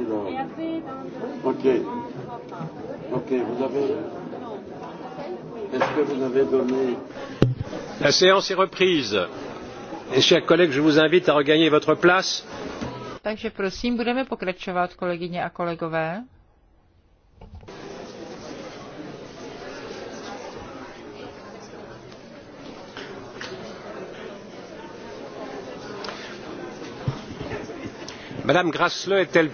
partie là. Ok. Ok, vous avez. Est-ce que vous avez donné. La séance est reprise. Et chers collègues, je vous invite à regagner votre place. Takže prosím, budeme pokračovat, kolegyně a kolegové. Madame Grasle est-elle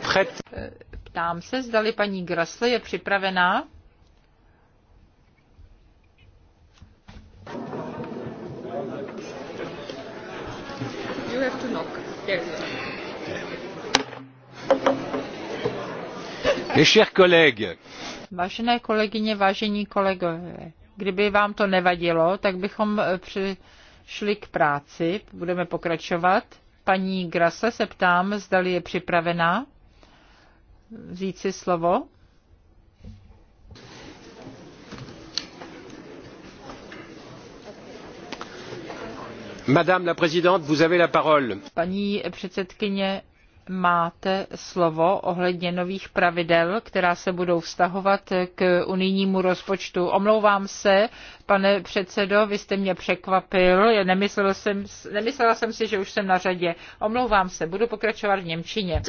Ptám se, zdali paní Grasle je připravená. You have to knock. Yes. Mes chers collègues. Vážené kolegyně, vážení kolegové, kdyby vám to nevadilo, tak bychom přišli k práci. Budeme pokračovat. Paní Grase se ptám, zdali je připravená vzít si slovo. Madame la présidente, vous avez la parole. Paní předsedkyně, máte slovo ohledně nových pravidel, která se budou vztahovat k unijnímu rozpočtu. Omlouvám se, pane předsedo, vy jste mě překvapil, nemyslela jsem, nemyslela jsem si, že už jsem na řadě. Omlouvám se, budu pokračovat v Němčině.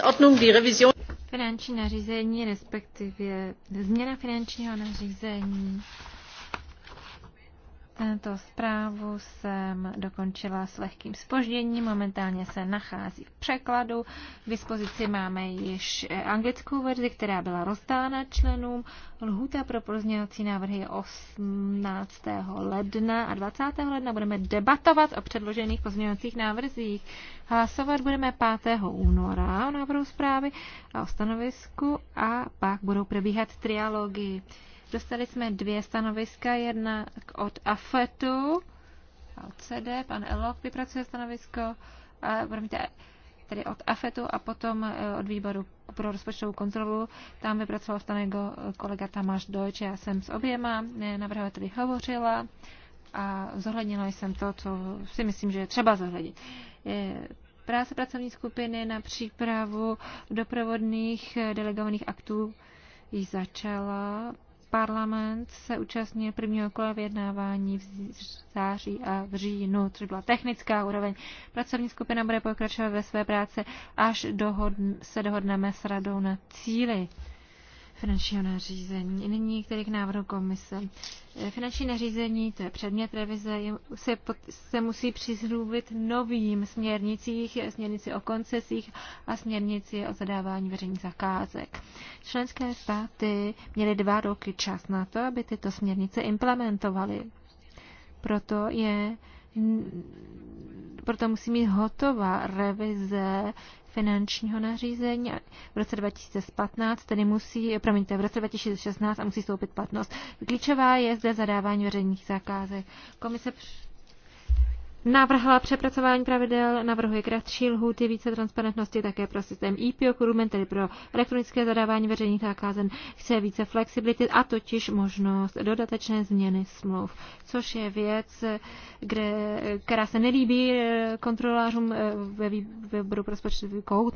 Finanční nařízení, respektive změna finančního nařízení tento zprávu jsem dokončila s lehkým spožděním, momentálně se nachází v překladu. K dispozici máme již eh, anglickou verzi, která byla rozdána členům. Lhuta pro pozměňovací návrhy je 18. ledna a 20. ledna budeme debatovat o předložených pozměňovacích návrzích. Hlasovat budeme 5. února o návrhu zprávy a o stanovisku a pak budou probíhat trialogy. Dostali jsme dvě stanoviska, jedna od AFETu, od CD, pan Elok vypracuje stanovisko, a, promiňte, tedy od AFETu a potom e, od výboru pro rozpočtovou kontrolu. Tam vypracoval stanovisko kolega Tamáš Deutsch, já jsem s oběma e, navrhovateli hovořila a zohlednila jsem to, co si myslím, že je třeba zohlednit. Je práce pracovní skupiny na přípravu doprovodných e, delegovaných aktů již začala parlament se účastnil prvního kola vyjednávání v září a v říjnu, což byla technická úroveň. Pracovní skupina bude pokračovat ve své práci, až dohodn- se dohodneme s radou na cíli finančního nařízení. Nyní tedy k návrhu komise. E, finanční nařízení, to je předmět revize, se, pod, se musí přizrůvit novým směrnicích, směrnici o koncesích a směrnici o zadávání veřejných zakázek. Členské státy měly dva roky čas na to, aby tyto směrnice implementovaly. Proto je proto musí mít hotová revize finančního nařízení v roce 2015, tedy musí, promiňte, v roce 2016 a musí stoupit platnost. Klíčová je zde zadávání veřejných zakázek. Komise při navrhla přepracování pravidel, navrhuje kratší lhůty, více transparentnosti také pro systém EPO, Kurumen, tedy pro elektronické zadávání veřejných zákazen, chce více flexibility a totiž možnost dodatečné změny smluv, což je věc, kde, která se nelíbí eh, kontrolářům eh, ve výboru pro rozpočtovou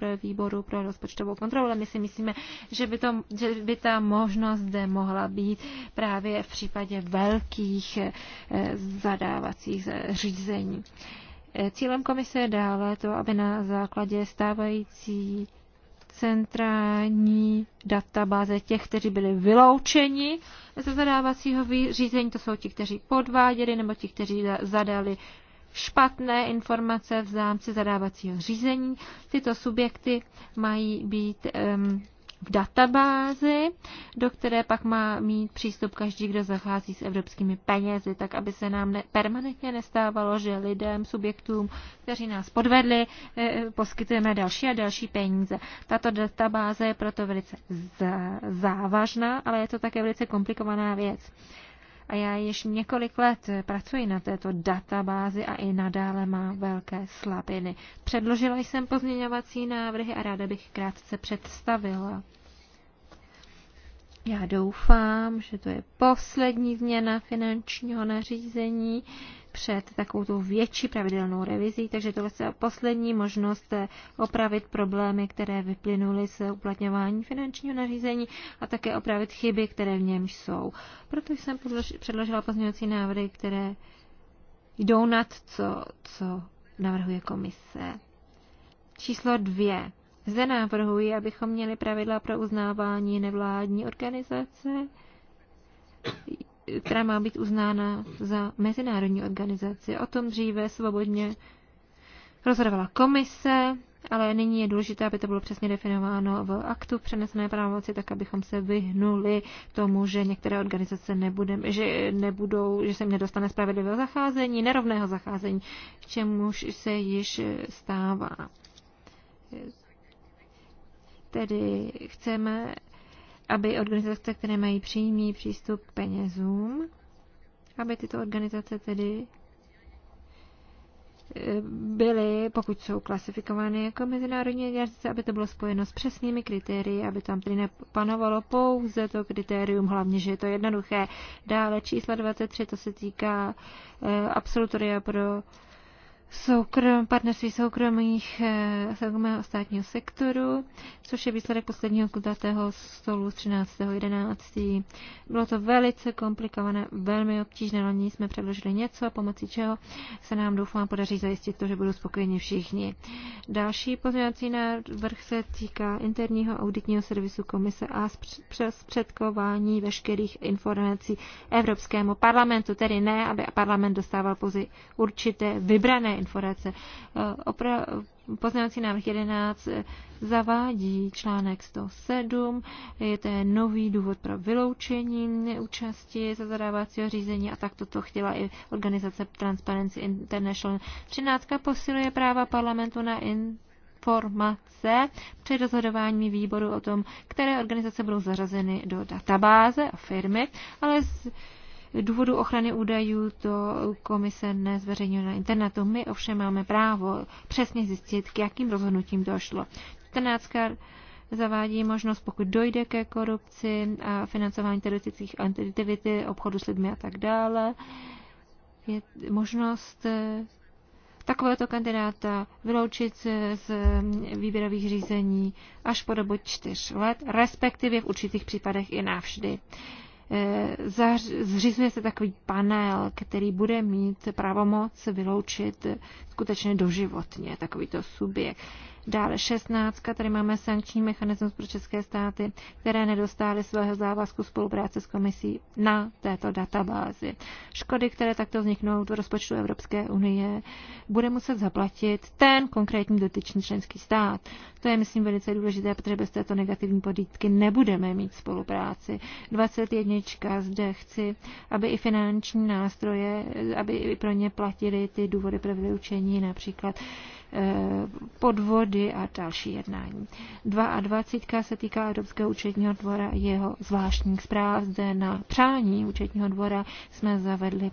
ve výboru pro rozpočtovou kontrolu, ale my si myslíme, že by, to, že by ta možnost zde mohla být právě v případě velkých eh, zadávacích řízení řízení. Eh, cílem komise je dále to, aby na základě stávající centrální databáze těch, kteří byli vyloučeni ze zadávacího řízení, to jsou ti, kteří podváděli nebo ti, kteří zadali špatné informace v zámci zadávacího řízení. Tyto subjekty mají být um, v databázi, do které pak má mít přístup každý, kdo zachází s evropskými penězi, tak aby se nám ne, permanentně nestávalo, že lidem, subjektům, kteří nás podvedli, eh, eh, poskytujeme další a další peníze. Tato databáze je proto velice závažná, ale je to také velice komplikovaná věc a já již několik let pracuji na této databázi a i nadále má velké slabiny. Předložila jsem pozměňovací návrhy a ráda bych krátce představila. Já doufám, že to je poslední změna finančního nařízení, před takovou tu větší pravidelnou revizí, takže to je poslední možnost eh, opravit problémy, které vyplynuly z uplatňování finančního nařízení a také opravit chyby, které v něm jsou. Proto jsem předložila pozměňovací návrhy, které jdou nad co, co navrhuje komise. Číslo dvě. Zde navrhuji, abychom měli pravidla pro uznávání nevládní organizace která má být uznána za mezinárodní organizaci. O tom dříve svobodně rozhodovala komise, ale nyní je důležité, aby to bylo přesně definováno v aktu přenesené pravomoci, tak abychom se vyhnuli tomu, že některé organizace nebudem, že nebudou, že se jim nedostane spravedlivého zacházení, nerovného zacházení, k čemuž se již stává. Tedy chceme aby organizace, které mají přímý přístup k penězům, aby tyto organizace tedy e, byly, pokud jsou klasifikovány jako mezinárodní organizace, aby to bylo spojeno s přesnými kritérii, aby tam tedy nepanovalo pouze to kritérium, hlavně, že je to jednoduché. Dále číslo 23, to se týká e, absolutoria pro soukrom, partnerství soukromých eh, soukromého státního sektoru, což je výsledek posledního kulatého stolu z 13.11. Bylo to velice komplikované, velmi obtížné, ale nyní jsme předložili něco, pomocí čeho se nám doufám podaří zajistit to, že budou spokojeni všichni. Další pozměňovací návrh se týká interního auditního servisu komise a přes předkování veškerých informací Evropskému parlamentu, tedy ne, aby parlament dostával pouze určité vybrané informace. Eh, opra- poznávací návrh 11 eh, zavádí článek 107, je to nový důvod pro vyloučení účasti za zadávacího řízení a tak toto chtěla i organizace Transparency International. 13 posiluje práva parlamentu na in- informace při rozhodování výboru o tom, které organizace budou zařazeny do databáze a firmy, ale z, důvodu ochrany údajů to komise nezveřejňuje na internetu. My ovšem máme právo přesně zjistit, k jakým rozhodnutím došlo. 14 zavádí možnost, pokud dojde ke korupci a financování teroristických aktivity, obchodu s lidmi a tak dále, je možnost eh, takovéto kandidáta vyloučit z výběrových řízení až po dobu čtyř let, respektive v určitých případech i navždy. Eh, zřizuje se takový panel, který bude mít pravomoc vyloučit skutečně doživotně takovýto subjekt. Dále 16. Tady máme sankční mechanismus pro české státy, které nedostály svého závazku spolupráce s komisí na této databázi. Škody, které takto vzniknou v rozpočtu Evropské unie, bude muset zaplatit ten konkrétní dotyčný členský stát. To je, myslím, velice důležité, protože bez této negativní podítky nebudeme mít spolupráci. 21. Zde chci, aby i finanční nástroje, aby i pro ně platili ty důvody pro vyloučení jednání, například eh, podvody a další jednání. 22 se týká Evropského účetního dvora a jeho zvláštních zpráv. Zde na přání účetního dvora jsme zavedli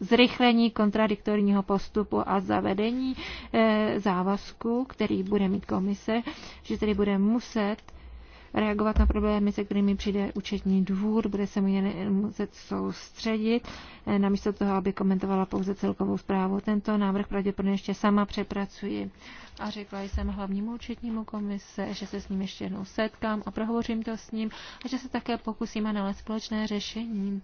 zrychlení kontradiktorního postupu a zavedení eh, závazku, který bude mít komise, že tedy bude muset reagovat na problémy, se kterými přijde účetní dvůr, bude se mu muset soustředit, eh, namísto toho, aby komentovala pouze celkovou zprávu. Tento návrh pravděpodobně ještě sama přepracuji. A řekla jsem hlavnímu účetnímu komise, že se s ním ještě jednou setkám a prohovořím to s ním a že se také pokusíme nalézt společné řešení.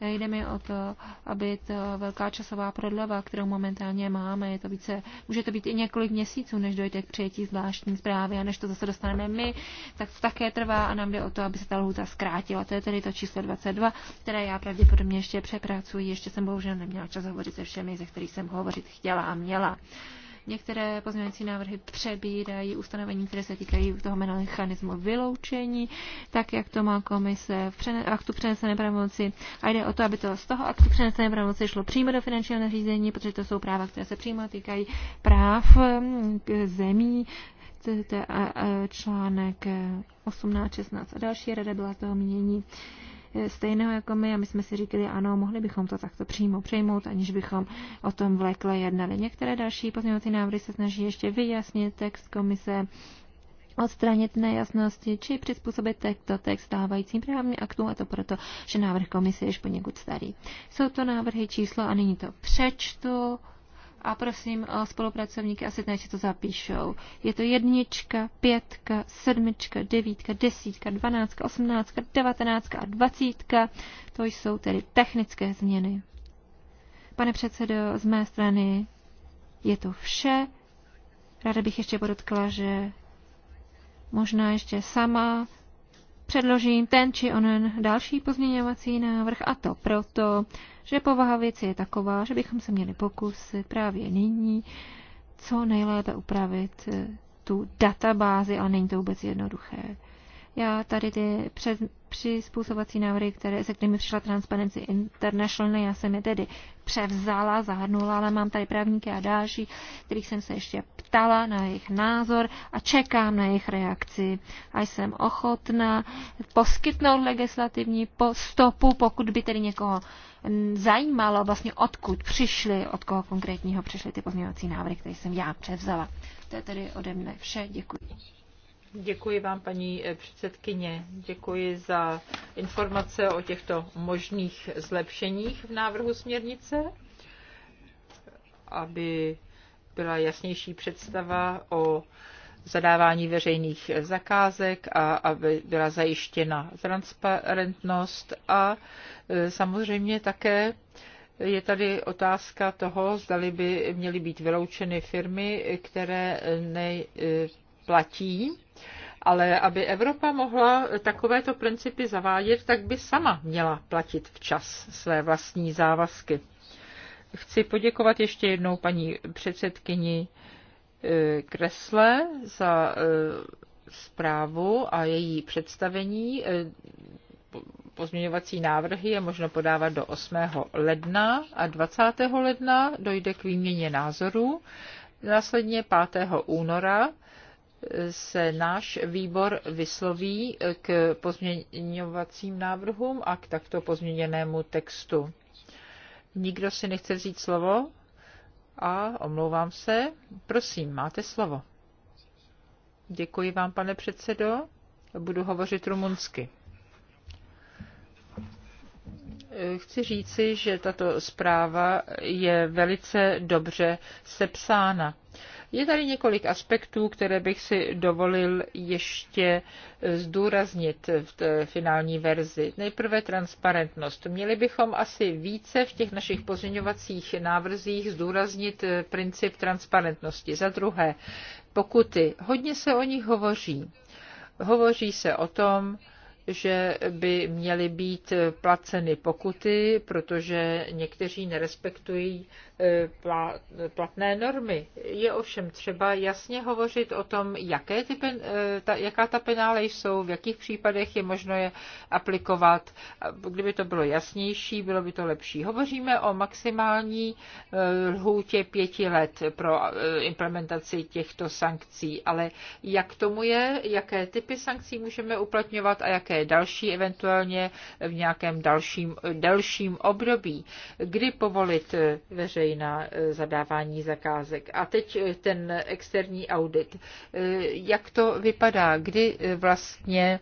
Jde mi o to, aby to velká časová prodleva, kterou momentálně máme, je to více, může to být i několik měsíců, než dojde k přijetí zvláštní zprávy a než to zase dostaneme my, tak také trvá a nám jde o to, aby se ta lhůta zkrátila. To je tedy to číslo 22, které já pravděpodobně ještě přepracuji. Ještě jsem bohužel neměla čas hovořit se všemi, ze kterých jsem hovořit chtěla a měla. Některé pozměňující návrhy přebírají ustanovení, které se týkají toho mechanismu vyloučení, tak jak to má komise v aktu přenesené pravomoci. A jde o to, aby to z toho aktu přenesené pravomoci šlo přímo do finančního nařízení, protože to jsou práva, které se přímo týkají práv hm, zemí, článek 18, eh, 16 a další rada byla toho mění. Eh, stejného jako my a my jsme si říkali, ano, mohli bychom to takto přímo přejmout, aniž bychom o tom vlekle jednali. Některé další pozměňovací návrhy se snaží ještě vyjasnit text komise, odstranit nejasnosti či přizpůsobit tento text stávajícím právním aktům a to proto, že návrh komise je již poněkud starý. Jsou to návrhy číslo a nyní to přečtu a prosím o eh, spolupracovníky, asi dnes to zapíšou. Je to jednička, pětka, sedmička, devítka, desítka, dvanáctka, osmnáctka, devatenáctka a dvacítka. To jsou tedy technické změny. Pane předsedo, z mé strany je to vše. Ráda bych ještě podotkla, že možná ještě sama předložím ten či onen další pozměňovací návrh a to proto, že povaha věci je taková, že bychom se měli pokusit právě nyní co nejlépe upravit eh, tu databázi, ale není to vůbec jednoduché. Já tady ty před, přizpůsobovací návrhy, které, se kterými přišla Transparency International, já jsem je tedy převzala, zahrnula, ale mám tady právníky a další, kterých jsem se ještě ptala na jejich názor a čekám na jejich reakci. A jsem ochotná poskytnout legislativní stopu, pokud by tedy někoho zajímalo vlastně odkud přišly, od koho konkrétního přišly ty pozměňovací návrhy, které jsem já převzala. To je tedy ode mne vše. Děkuji. Děkuji vám, paní eh, předsedkyně. Děkuji za informace o těchto možných zlepšeních v návrhu směrnice, aby byla jasnější představa o zadávání veřejných zakázek a aby byla zajištěna transparentnost a eh, samozřejmě také je tady otázka toho, zdali by měly být vyloučeny firmy, které ne, eh, platí, ale aby Evropa mohla takovéto principy zavádět, tak by sama měla platit včas své vlastní závazky. Chci poděkovat ještě jednou paní předsedkyni eh, Kresle za eh, zprávu a její představení. Eh, pozměňovací návrhy je možno podávat do 8. ledna a 20. ledna dojde k výměně názorů. Následně 5. února se náš výbor vysloví k pozměňovacím návrhům a k takto pozměněnému textu. Nikdo si nechce vzít slovo? A omlouvám se. Prosím, máte slovo. Děkuji vám, pane předsedo. Budu hovořit rumunsky. Chci říci, že tato zpráva je velice dobře sepsána je tady několik aspektů, které bych si dovolil ještě zdůraznit v té finální verzi. Nejprve transparentnost. Měli bychom asi více v těch našich pozměňovacích návrzích zdůraznit princip transparentnosti. Za druhé, pokuty. Hodně se o nich hovoří. Hovoří se o tom, že by měly být placeny pokuty, protože někteří nerespektují platné normy. Je ovšem třeba jasně hovořit o tom, jaké ty, eh, ta, jaká ta penále jsou, v jakých případech je možno je aplikovat. Kdyby to bylo jasnější, bylo by to lepší. Hovoříme o maximální eh, lhůtě pěti let pro eh, implementaci těchto sankcí, ale jak tomu je, jaké typy sankcí můžeme uplatňovat a jaké další eventuálně v nějakém dalším, delším období, kdy povolit veřejnost dívají na eh, zadávání zakázek. A teď eh, ten externí audit. Eh, jak to vypadá? Kdy vlastně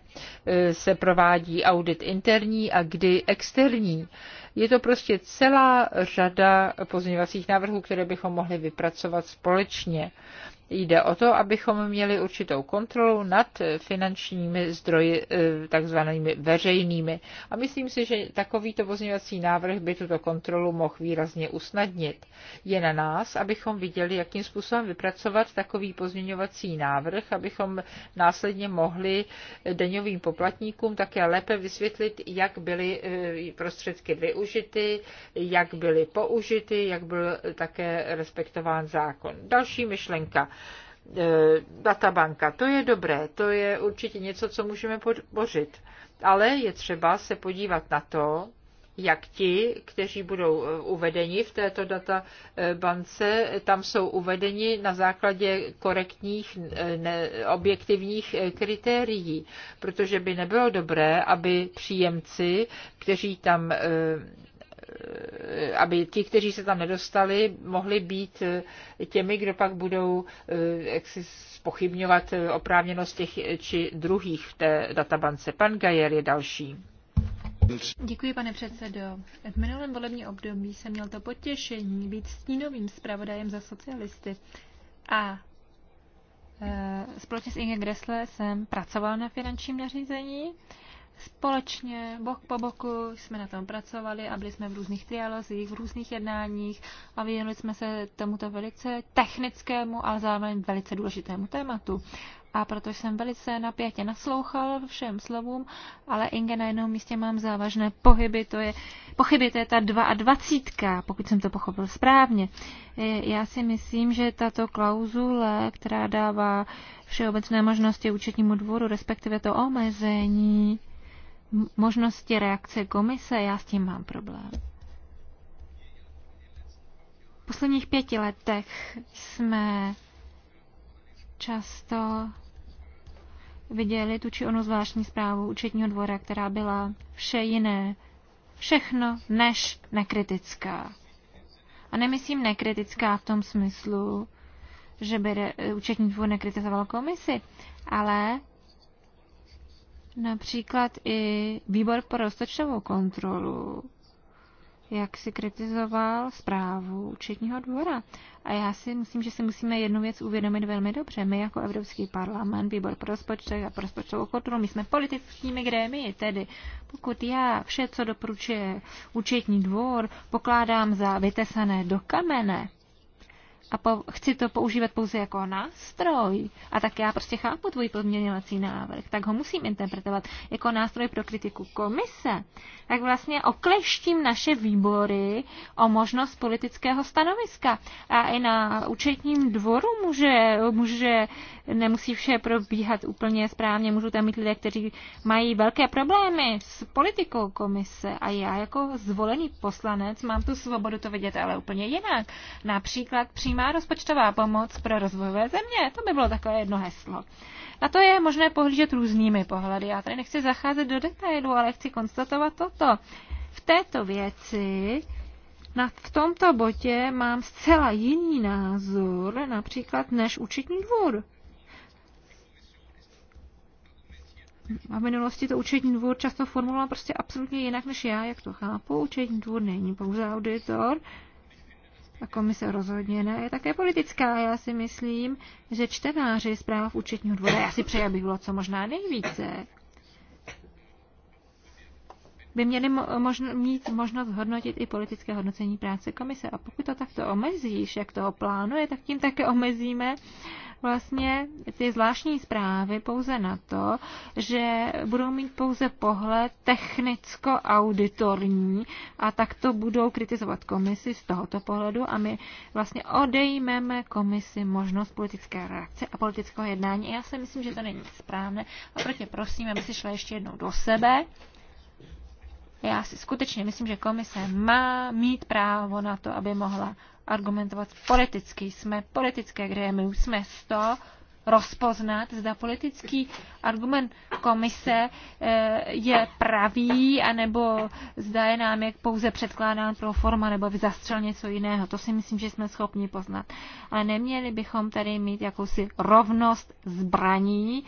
se provádí audit interní a kdy externí? Je to prostě celá řada pozměňovacích návrhů, které bychom mohli vypracovat společně. Jde o to, abychom měli určitou kontrolu nad finančními zdroji, eh, takzvanými veřejnými. A myslím si, že takovýto pozměňovací návrh by tuto kontrolu mohl výrazně usnadnit. Je na nás, abychom viděli, jakým způsobem vypracovat takový pozměňovací návrh, abychom následně mohli deňovým poplatníkům také lépe vysvětlit, jak byly eh, prostředky využity, jak byly použity, jak byl také respektován zákon. Další myšlenka Eh, databanka. To je dobré, to je určitě něco, co můžeme podpořit. Ale je třeba se podívat na to, jak ti, kteří budou eh, uvedeni v této databance, tam jsou uvedeni na základě korektních, eh, ne, objektivních kritérií, protože by nebylo dobré, aby příjemci, kteří tam Eh, aby ti, kteří se tam nedostali, mohli být eh, těmi, kdo pak budou eh, jaksi spochybňovat oprávněnost těch či druhých v té databance. Pan Gajer je další. Děkuji, pane předsedo. V minulém volebním období jsem měl to potěšení být stínovým zpravodajem za socialisty a e, společně s Inge Gressle jsem pracoval na finančním nařízení. E, Společně, bok po boku, jsme na tom pracovali a byli jsme v různých trialozích, v různých jednáních a věnovali jsme se tomuto velice technickému, ale zároveň velice důležitému tématu. A protože jsem velice napjatě naslouchal všem slovům, ale Inge na jednom místě mám závažné pohyby, to je, pochyby, to je ta 22, pokud jsem to pochopil správně. E, já si myslím, že tato klauzule, která dává všeobecné možnosti účetnímu dvoru, respektive to omezení, možnosti reakce komise, já s tím mám problém. V posledních pěti letech jsme často viděli tu či onu zvláštní zprávu účetního dvora, která byla vše jiné, všechno než nekritická. A nemyslím nekritická v tom smyslu, že by účetní dvůr nekritizoval komisi, ale Například i výbor pro rozpočtovou kontrolu, jak si kritizoval zprávu účetního dvora. A já si myslím, že si musíme jednu věc uvědomit velmi dobře. My jako Evropský parlament, výbor pro rozpočet a pro rozpočtovou kontrolu, my jsme politickými grémii, tedy pokud já vše, co doporučuje účetní dvor, pokládám za vytesané do kamene, a po, chci to používat pouze jako nástroj, a tak já prostě chápu tvůj podměňovací návrh, tak ho musím interpretovat jako nástroj pro kritiku komise, tak vlastně okleštím naše výbory o možnost politického stanoviska. A i na účetním dvoru může, může nemusí vše probíhat úplně správně, můžou tam mít lidé, kteří mají velké problémy s politikou komise a já jako zvolený poslanec mám tu svobodu to vidět ale úplně jinak. Například přímo přímá rozpočtová pomoc pro rozvojové země. To by bylo takové jedno heslo. Na to je možné pohlížet různými pohledy. Já tady nechci zacházet do detailu, ale chci konstatovat toto. V této věci na, v tomto botě mám zcela jiný názor, například než účetní dvůr. A v minulosti to účetní dvůr často formuloval prostě absolutně jinak než já, jak to chápu. Účetní dvůr není pouze auditor, a komise rozhodně ne, je také politická. Já si myslím, že čtenáři zpráv účetního dvora, já si přeji, aby bylo co možná nejvíce, by měli možno, mít možnost hodnotit i politické hodnocení práce komise. A pokud to takto omezíš, jak toho plánuje, tak tím také omezíme uh, vlastně ty zvláštní zprávy pouze na to, že budou mít pouze pohled technicko-auditorní a tak to budou kritizovat komisi z tohoto pohledu a my vlastně odejmeme komisi možnost politické reakce a politického jednání. já si myslím, že to není správné a proto prosím, aby si šla ještě jednou do sebe já si skutečně myslím, že komise má mít právo na to, aby mohla argumentovat politicky. Jsme politické grémium, jsme 100 rozpoznat, zda politický argument komise eh, je pravý, anebo zda je nám jak pouze předkládán pro forma, nebo zastřel něco jiného. To si myslím, že jsme schopni poznat. A neměli bychom tady mít jakousi rovnost zbraní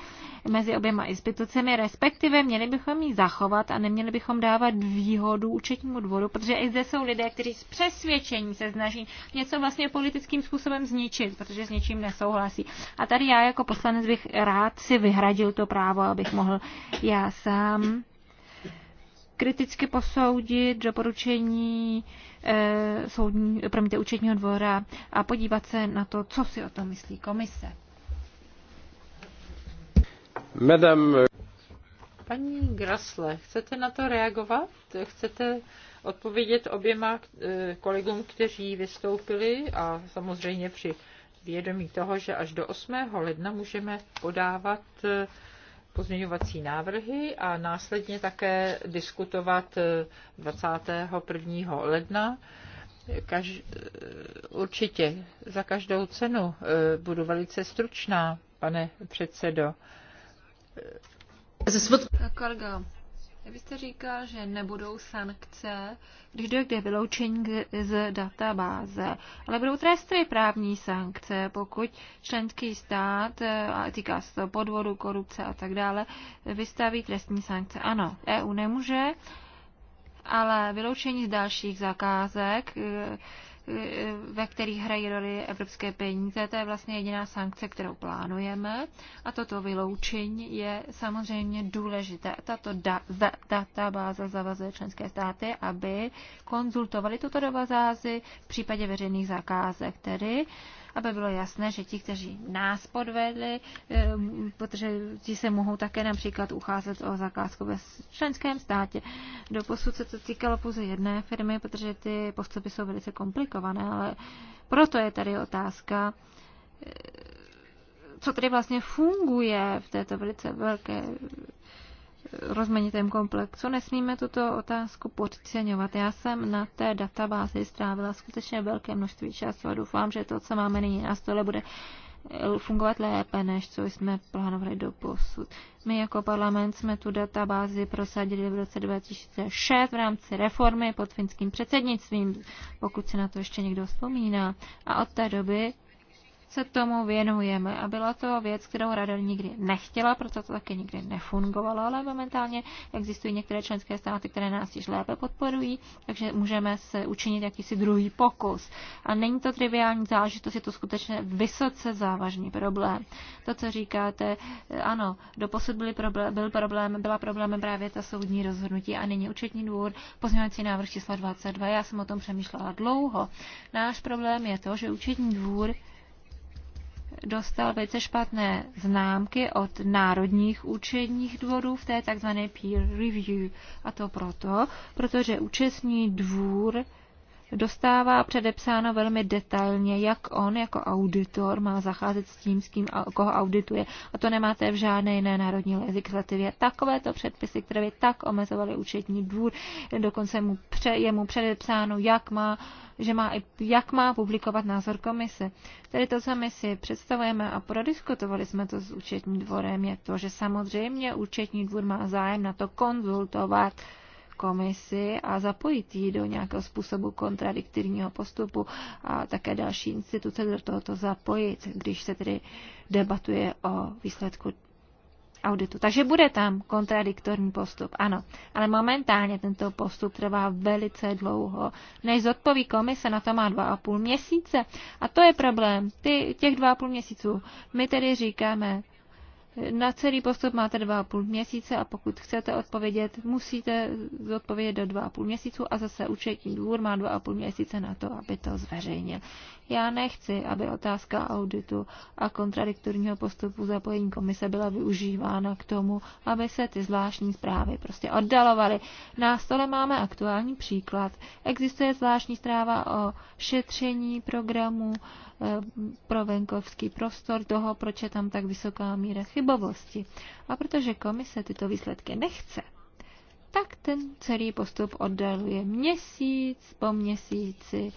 mezi oběma institucemi, respektive měli bychom ji zachovat a neměli bychom dávat výhodu účetnímu dvoru, protože i zde jsou lidé, kteří z přesvědčení se snaží něco vlastně politickým způsobem zničit, protože s něčím nesouhlasí. A tady já jako poslanec bych rád si vyhradil to právo, abych mohl já sám kriticky posoudit doporučení e, soudní, promiňte, účetního dvora a podívat se na to, co si o tom myslí komise. Madam. Eh, Paní Grasle, chcete na to reagovat? Chcete odpovědět oběma eh, kolegům, kteří vystoupili a samozřejmě při vědomí toho, že až do 8. ledna můžeme podávat eh, pozměňovací návrhy a následně také diskutovat 21. Eh, ledna. Kaž, eh, určitě za každou cenu budu velice stručná, pane předsedo. Kolega, vy jste říkal, že nebudou sankce, když dojde k vyloučení z databáze, ale budou tresty právní sankce, pokud členský stát, eh, a týká se to podvodu, korupce a tak dále, vystaví trestní sankce. Ano, EU nemůže, ale vyloučení z dalších zakázek eh, ve kterých hrají roli evropské peníze. To je vlastně jediná sankce, kterou plánujeme. A toto vyloučení je samozřejmě důležité. Tato da, za, databáze zavazuje členské státy, aby konzultovali tuto databázi v případě veřejných zakázek, tedy aby bylo jasné, že ti, kteří nás podvedli, eh, protože ti se mohou také například ucházet o zakázku ve členském státě. posud se to týkalo pouze jedné firmy, protože ty postupy jsou velice komplikované, ale proto je tady otázka, eh, co tady vlastně funguje v této velice velké rozmanitém komplexu. Nesmíme tuto otázku podceňovat. Já jsem na té databázi strávila skutečně velké množství času a doufám, že to, co máme nyní na stole, bude eh, fungovat lépe, než co jsme plánovali do posud. My jako parlament jsme tu databázi prosadili v roce 2006 v rámci reformy pod finským předsednictvím, pokud se na to ještě někdo vzpomíná. A od té doby se tomu věnujeme. A byla to věc, kterou rada nikdy nechtěla, proto to také nikdy nefungovalo, ale momentálně existují některé členské státy, které nás již lépe podporují, takže můžeme se učinit jakýsi druhý pokus. A není to triviální záležitost, je to skutečně vysoce závažný problém. To, co říkáte, ano, doposud byly problém, byl problém, byla problém právě ta soudní rozhodnutí a nyní účetní dvůr, pozměňovací návrh číslo 22. Já jsem o tom přemýšlela dlouho. Náš problém je to, že účetní dvůr dostal velice špatné známky od národních účetních dvorů v té tzv. peer review. A to proto, protože účestní dvůr dostává předepsáno velmi detailně, jak on jako auditor má zacházet s tím, s kým, koho audituje. A to nemáte v žádné jiné národní legislativě. Takovéto předpisy, které by tak omezovaly účetní dvůr, dokonce mu pře, je mu předepsáno, jak má, že má, jak má publikovat názor komise. Tedy to, co my si představujeme a prodiskutovali jsme to s účetním dvorem, je to, že samozřejmě účetní dvůr má zájem na to konzultovat komisi a zapojit ji do nějakého způsobu kontradiktivního postupu a také další instituce do tohoto zapojit, když se tedy debatuje o výsledku auditu. Takže bude tam kontradiktorní postup, ano. Ale momentálně tento postup trvá velice dlouho. Než zodpoví komise, na to má dva a půl měsíce. A to je problém, Ty, těch dva a půl měsíců. My tedy říkáme, na celý postup máte 2,5 měsíce a pokud chcete odpovědět, musíte odpovědět do 2,5 měsíců a zase účetní dvůr má 2,5 měsíce na to, aby to zveřejnil. Já nechci, aby otázka auditu a kontradiktorního postupu zapojení komise byla využívána k tomu, aby se ty zvláštní zprávy prostě oddalovaly. Na stole máme aktuální příklad. Existuje zvláštní zpráva o šetření programu eh, pro venkovský prostor, toho, proč je tam tak vysoká míra chyb chybovosti. A protože komise tyto výsledky nechce, tak ten celý postup oddaluje měsíc po měsíci.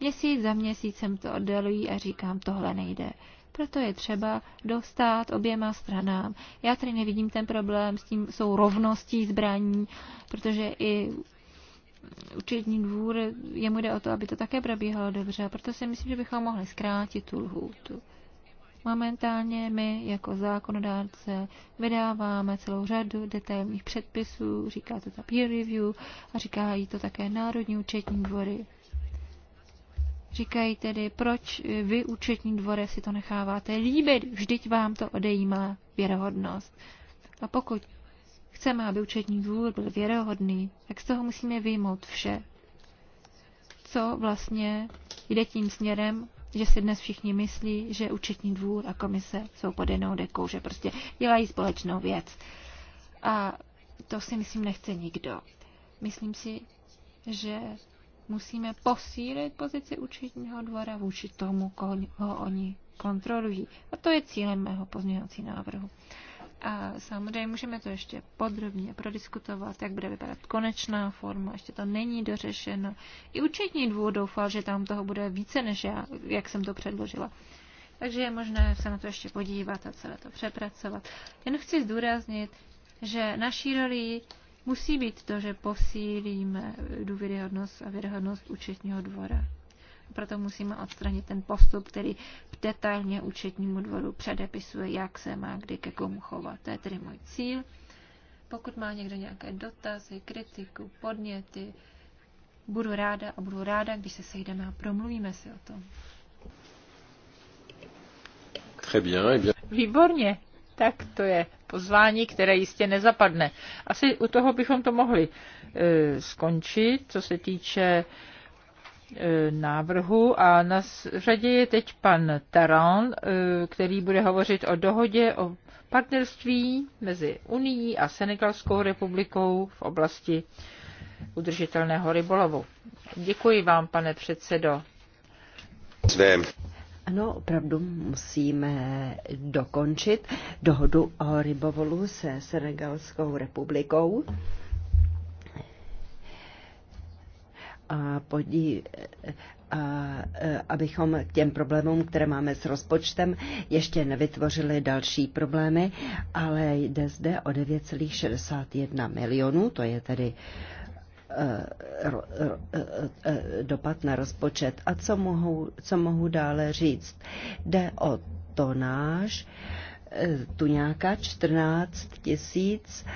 Měsíc za měsícem to oddalují a říkám, tohle nejde. Proto je třeba dostat oběma stranám. Já tady nevidím ten problém s tím jsou rovností zbraní, protože i učitní dvůr, jemu jde o to, aby to také probíhalo dobře. A proto si myslím, že bychom mohli zkrátit tu lhůtu. Momentálně my jako zákonodárce vydáváme celou řadu detailních předpisů, říká to ta peer review a říkají to také Národní účetní dvory. Říkají tedy, proč vy účetní dvore si to necháváte líbit, vždyť vám to odejímá věrohodnost. A pokud chceme, aby účetní dvůr byl věrohodný, tak z toho musíme vyjmout vše, co vlastně jde tím směrem, že si dnes všichni myslí, že účetní dvůr a komise jsou pod jednou dekou, že prostě dělají společnou věc. A to si myslím nechce nikdo. Myslím si, že musíme posílit pozici účetního dvora vůči tomu, koho oni kontrolují. A to je cílem mého pozměňovacího návrhu. A samozřejmě můžeme to ještě podrobně prodiskutovat, jak bude vypadat konečná forma, ještě to není dořešeno. I účetní dvůr doufal, že tam toho bude více než já, jak jsem to předložila. Takže je možné se na to ještě podívat a celé to přepracovat. Jen chci zdůraznit, že naší roli musí být to, že posílíme důvěryhodnost a věrhodnost účetního dvora. Proto musíme odstranit ten postup, který detailně účetnímu dvoru předepisuje, jak se má kdy ke komu chovat. To je tedy můj cíl. Pokud má někdo nějaké dotazy, kritiku, podněty, budu ráda a budu ráda, když se sejdeme a promluvíme si o tom. Eh Výborně, tak to je pozvání, které jistě nezapadne. Asi u toho bychom to mohli e, skončit, co se týče e, Eh, návrhu a na řadě je teď pan Taran, eh, který bude hovořit o dohodě o partnerství mezi Unií a Senegalskou republikou v oblasti udržitelného rybolovu. Děkuji vám, pane předsedo. Svém. Ano, opravdu musíme dokončit dohodu o rybovolu se Senegalskou republikou. a, podí, a, a abychom k těm problémům, které máme s rozpočtem, ještě nevytvořili další problémy, ale jde zde o 9,61 milionů, to je tedy e, e, e, dopad na rozpočet. A co mohu, co mohu dále říct? Jde o tonáž, tu nějaká 14 tisíc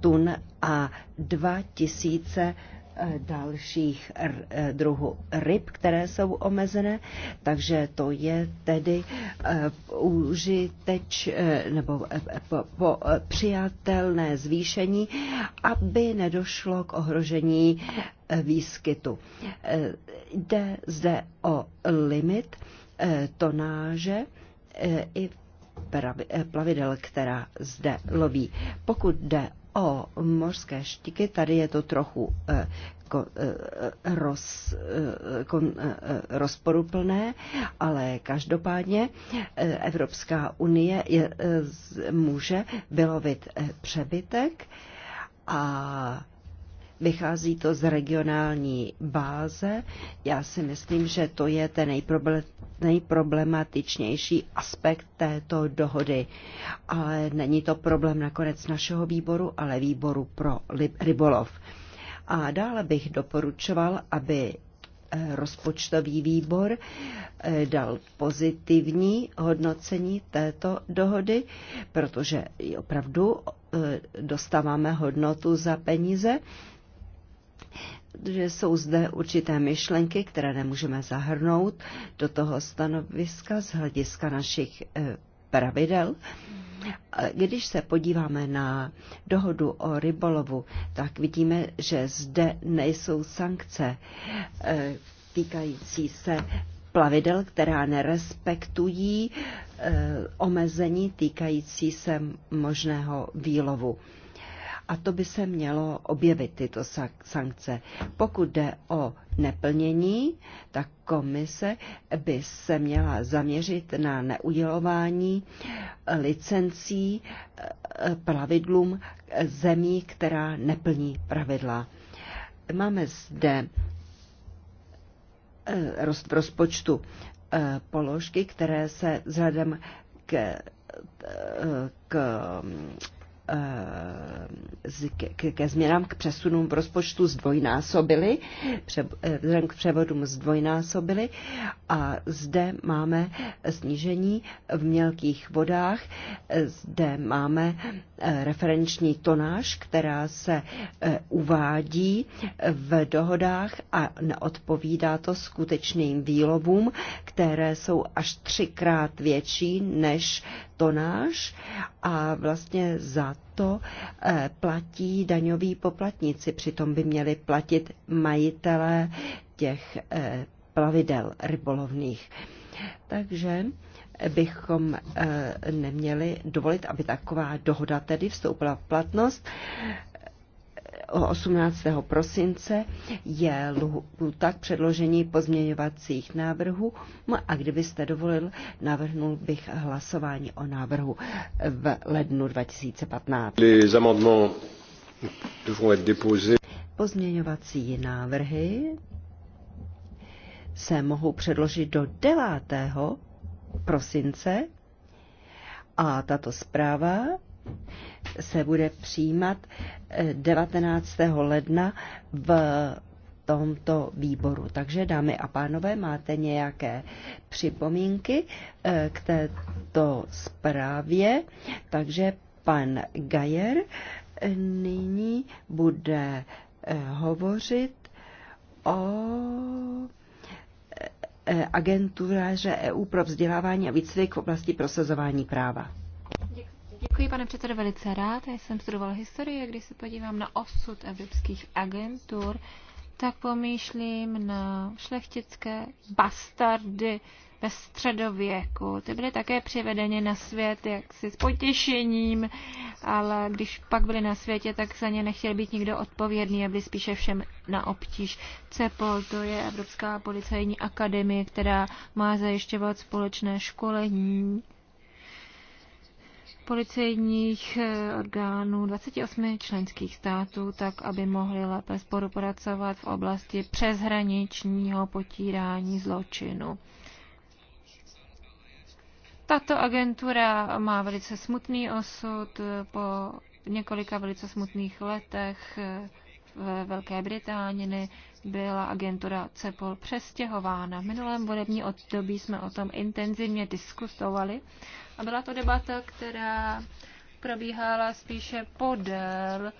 tun a 2 tisíce Eh, dalších eh, druhů ryb, které jsou omezené, takže to je tedy eh, užiteč nebo po, po, přijatelné zvýšení, aby nedošlo k ohrožení výskytu. Jde zde o limit tonáže i plavidel, která zde loví. Pokud jde o mořské štiky, tady je to trochu eh, eh roz, eh, eh, eh, rozporuplné, ale každopádně eh, Evropská unie je, eh, může vylovit eh, přebytek a vychází to z regionální báze. Já si myslím, že to je ten nejproblematičnější aspekt této dohody. Ale není to problém nakonec našeho výboru, ale výboru pro rybolov. A dále bych doporučoval, aby eh, rozpočtový výbor eh, dal pozitivní hodnocení této dohody, protože opravdu eh, dostáváme hodnotu za peníze že jsou zde určité myšlenky, které nemůžeme zahrnout do toho stanoviska z hlediska našich eh, pravidel. Když se podíváme na dohodu o rybolovu, tak vidíme, že zde nejsou sankce eh, týkající se plavidel, která nerespektují eh, omezení týkající se možného výlovu a to by se mělo objevit tyto sankce. Pokud jde o neplnění, tak komise by se měla zaměřit na neudělování eh, licencí eh, eh, pravidlům zemí, která neplní pravidla. Máme zde v rozpočtu položky, které se vzhledem k, k Eh, ke změnám k přesunům v rozpočtu zdvojnásobily, eh, vzhledem k převodům zdvojnásobily a zde máme snížení v mělkých vodách, eh, zde máme referenční tonáž, která se uvádí v dohodách a neodpovídá to skutečným výlovům, které jsou až třikrát větší než tonáž a vlastně za to eh, platí daňoví poplatníci. Přitom by měli platit majitelé těch eh, plavidel rybolovných. Takže bychom eh, neměli dovolit, aby taková dohoda tedy vstoupila v platnost. 18. prosince je lhůta k předložení pozměňovacích návrhů no a kdybyste dovolil, navrhnul bych hlasování o návrhu v lednu 2015. Les Pozměňovací návrhy se mohou předložit do 9. prosince a tato zpráva se bude přijímat 19. Eh, ledna v tomto výboru. Takže, dámy a pánové, máte nějaké připomínky eh, k této zprávě? Takže pan Gajer eh, nyní bude hovořit o agentuře EU pro vzdělávání a výcvik v oblasti prosazování práva. Děkuji, pane předsedo, velice rád. Já jsem studoval historii a když se podívám na osud evropských agentur, tak pomýšlím na šlechtické bastardy ve středověku. Ty byly také přivedeny na svět jaksi s potěšením, ale když pak byly na světě, tak za ně nechtěl být nikdo odpovědný a byli spíše všem na obtíž. CEPOL, to je Evropská policejní akademie, která má zajišťovat společné školení policejních eh, orgánů 28 členských států, tak aby mohli lépe spolupracovat v oblasti přeshraničního potírání zločinu. Tato agentura má velice smutný osud eh, po několika velice smutných letech eh, v Velké Británii byla agentura CEPOL přestěhována. V minulém volební období jsme o tom intenzivně diskutovali a byla to debata, která probíhala spíše podél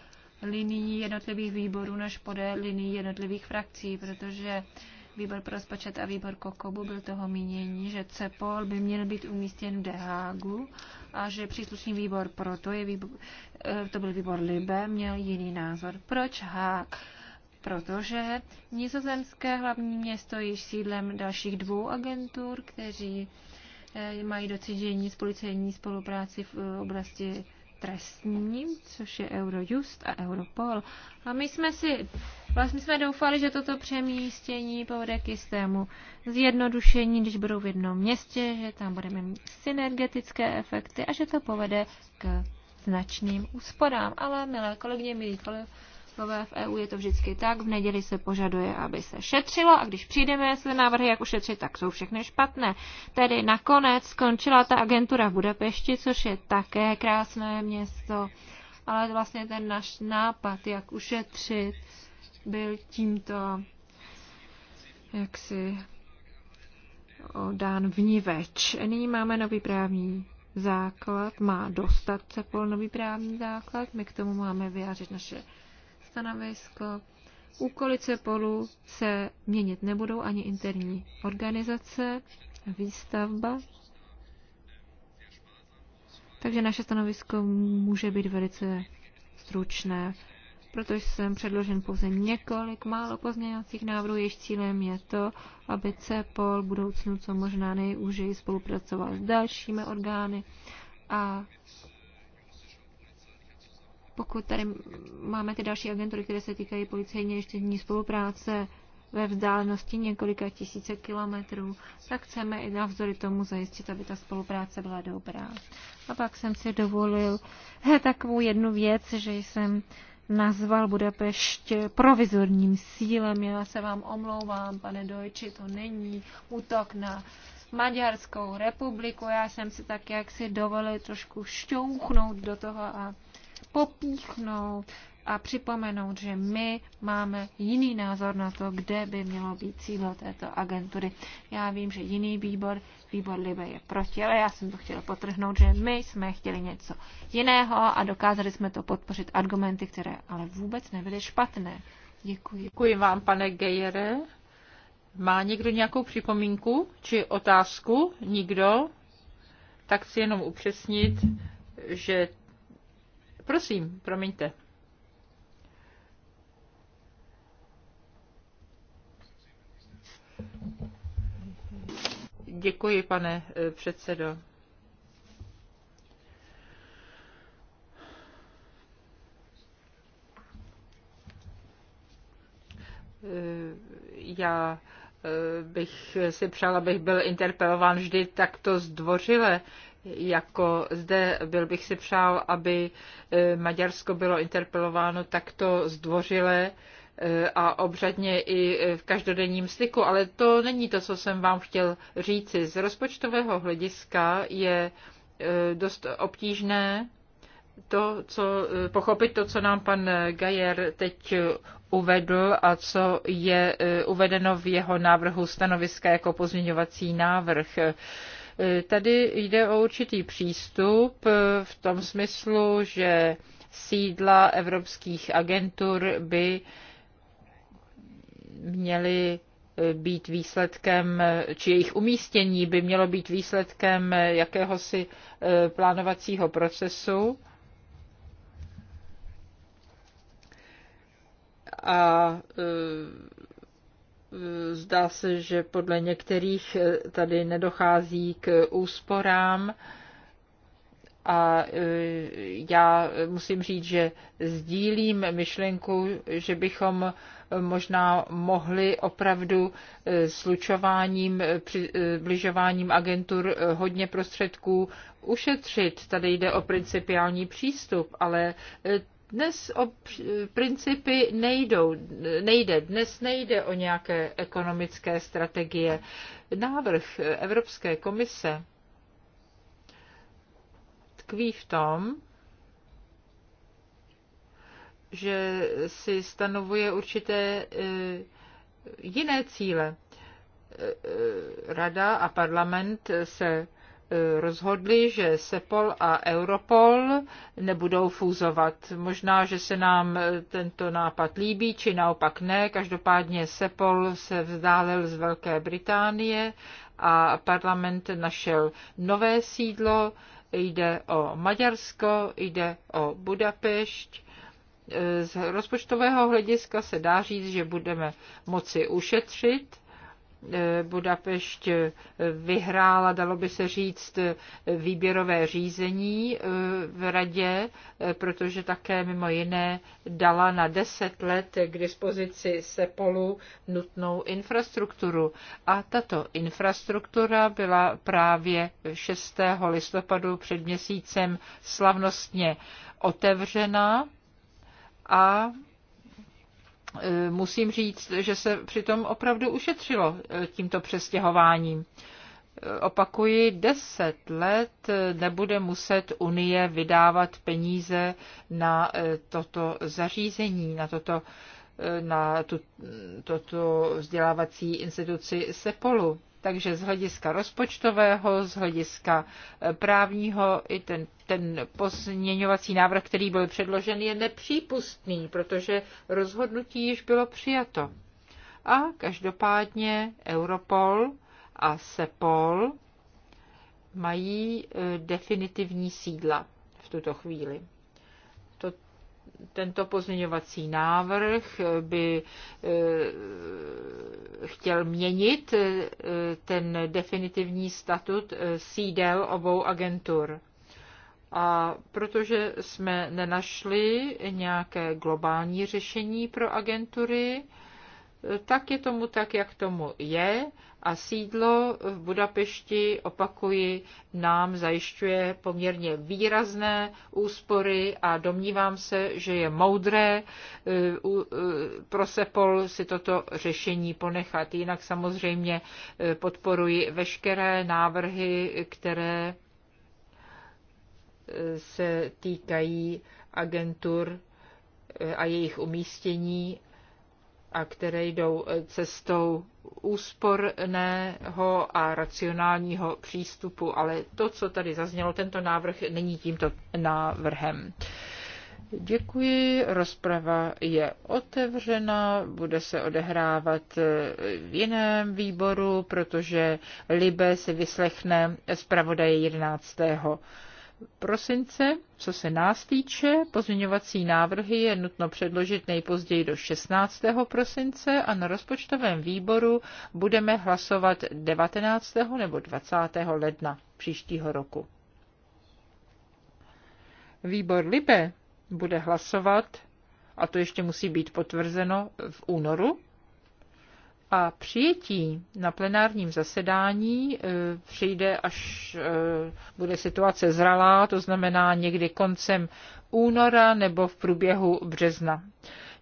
linií jednotlivých výborů než podél linií jednotlivých frakcí, protože výbor pro rozpočet a výbor Kokobu byl toho mínění, že CEPOL by měl být umístěn v Hágu a že příslušný výbor proto je výbor, eh, to byl výbor Libe, měl jiný názor. Proč Hág? protože nizozemské hlavní město je sídlem dalších dvou agentur, kteří eh, mají docidění s policejní spolupráci v eh, oblasti trestní, což je Eurojust a Europol. A my jsme si, vlastně jsme doufali, že toto přemístění povede k jistému zjednodušení, když budou v jednom městě, že tam budeme mít synergetické efekty a že to povede k značným úsporám. Ale milé kolegyně, milí kolegy, Slové v EU je to vždycky tak, v neděli se požaduje, aby se šetřilo a když přijdeme s návrhy, jak ušetřit, tak jsou všechny špatné. Tedy nakonec skončila ta agentura v Budapešti, což je také krásné město, ale vlastně ten náš nápad, jak ušetřit, byl tímto jaksi dán vníveč. Nyní máme nový právní základ, má dostat CEPOL nový právní základ, my k tomu máme vyjářit naše stanovisko. Úkoly CEPOLu se měnit nebudou ani interní organizace, výstavba. Takže naše stanovisko může být velice stručné, protože jsem předložen pouze několik málo pozměňovacích návrhů, Jejich cílem je to, aby CEPOL v budoucnu co možná nejúžeji spolupracoval s dalšími orgány a pokud tady máme ty další agentury, které se týkají policejně dní spolupráce ve vzdálenosti několika tisíce kilometrů, tak chceme i navzory tomu zajistit, aby ta spolupráce byla dobrá. A pak jsem si dovolil he, takovou jednu věc, že jsem nazval Budapešť provizorním sílem. Já se vám omlouvám, pane Dojči, to není útok na Maďarskou republiku. Já jsem si tak jak si dovolil trošku šťouchnout do toho a popíchnout a připomenout, že my máme jiný názor na to, kde by mělo být cílo této agentury. Já vím, že jiný výbor, výbor Libe je proti, ale já jsem to chtěla potrhnout, že my jsme chtěli něco jiného a dokázali jsme to podpořit argumenty, které ale vůbec nebyly špatné. Děkuji. Děkuji vám, pane Gejere. Má někdo nějakou připomínku či otázku? Nikdo? Tak si jenom upřesnit, že Prosím, promiňte. Děkuji, pane eh, předsedo. Eh, já eh, bych si přála, abych byl interpelován vždy takto zdvořile jako zde byl bych si přál, aby e, Maďarsko bylo interpelováno takto zdvořile e, a obřadně i v každodenním styku, ale to není to, co jsem vám chtěl říci. Z rozpočtového hlediska je e, dost obtížné to, co, pochopit to, co nám pan Gajer teď uvedl a co je uvedeno v jeho návrhu stanoviska jako pozměňovací návrh. Tady jde o určitý přístup e, v tom smyslu, že sídla evropských agentur by měly e, být výsledkem, či jejich umístění by mělo být výsledkem jakéhosi e, plánovacího procesu. A Zdá se, že podle některých eh, tady nedochází k úsporám a eh, já musím říct, že sdílím myšlenku, že bychom možná mohli opravdu eh, slučováním, přibližováním agentur hodně prostředků ušetřit. Tady jde o principiální přístup, ale dnes o principy nejdou, nejde. Dnes nejde o nějaké ekonomické strategie. Návrh Evropské komise tkví v tom, že si stanovuje určité e, jiné cíle. E, e, Rada a parlament se rozhodli, že SEPOL a Europol nebudou fúzovat. Možná, že se nám tento nápad líbí, či naopak ne. Každopádně SEPOL se vzdálil z Velké Británie a parlament našel nové sídlo. Jde o Maďarsko, jde o Budapešť z rozpočtového hlediska se dá říct, že budeme moci ušetřit Budapešť vyhrála, dalo by se říct, výběrové řízení eh, v radě, eh, protože také mimo jiné dala na deset let k dispozici Sepolu nutnou infrastrukturu. A tato infrastruktura byla právě 6. listopadu před měsícem slavnostně otevřena a Eh, musím říct, že se přitom opravdu ušetřilo eh, tímto přestěhováním. Eh, opakuji, deset let nebude muset Unie vydávat peníze na toto zařízení, na toto na tu, toto vzdělávací instituci SEPOLu. Takže z hlediska rozpočtového, z hlediska e, právního i ten, ten pozměňovací návrh, který byl předložen, je nepřípustný, protože rozhodnutí již bylo přijato. A každopádně Europol a Sepol mají e, definitivní sídla v tuto chvíli. Tento pozměňovací návrh by eh, chtěl měnit eh, ten definitivní statut eh, sídel obou agentur. A protože jsme nenašli nějaké globální řešení pro agentury, tak je tomu tak, jak tomu je a sídlo v Budapešti, opakuji, nám zajišťuje poměrně výrazné úspory a domnívám se, že je moudré e, e, pro Sepol si toto řešení ponechat. Jinak samozřejmě e, podporuji veškeré návrhy, které se týkají agentur a jejich umístění a které jdou eh, cestou úsporného a racionálního přístupu, ale to, co tady zaznělo, tento návrh není tímto návrhem. Děkuji, rozprava je otevřena, bude se odehrávat eh, v jiném výboru, protože Libe si vyslechne zpravodaje 11 prosince. Co se nás týče, pozměňovací návrhy je nutno předložit nejpozději do 16. prosince a na rozpočtovém výboru budeme hlasovat 19. nebo 20. ledna příštího roku. Výbor Libe bude hlasovat, a to ještě musí být potvrzeno v únoru a přijetí na plenárním zasedání e, přijde, až e, bude situace zralá, to znamená někdy koncem února nebo v průběhu března.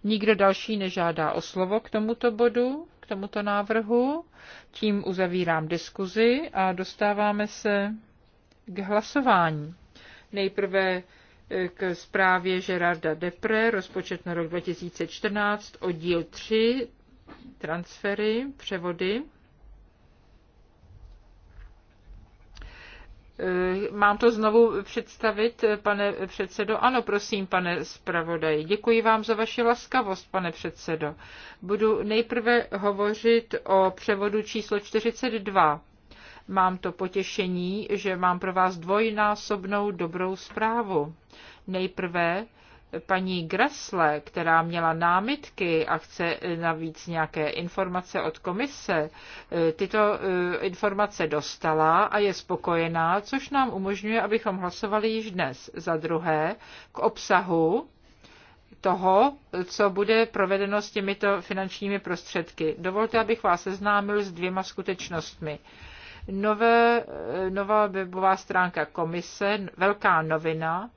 Nikdo další nežádá o slovo k tomuto bodu, k tomuto návrhu. Tím uzavírám diskuzi a dostáváme se k hlasování. Nejprve e, k zprávě Gerarda Depre, rozpočet na rok 2014, oddíl 3, transfery, převody. Eh, mám to znovu představit, pane předsedo? Ano, prosím, pane zpravodaj. Děkuji vám za vaši laskavost, pane předsedo. Budu nejprve hovořit o převodu číslo 42. Mám to potěšení, že mám pro vás dvojnásobnou dobrou zprávu. Nejprve paní Gressle, která měla námitky a chce navíc nějaké informace od komise, e, tyto e, informace dostala a je spokojená, což nám umožňuje, abychom hlasovali již dnes. Za druhé, k obsahu toho, co bude provedeno s těmito finančními prostředky. Dovolte, abych vás seznámil s dvěma skutečnostmi nové, e, nová webová stránka komise, velká novina,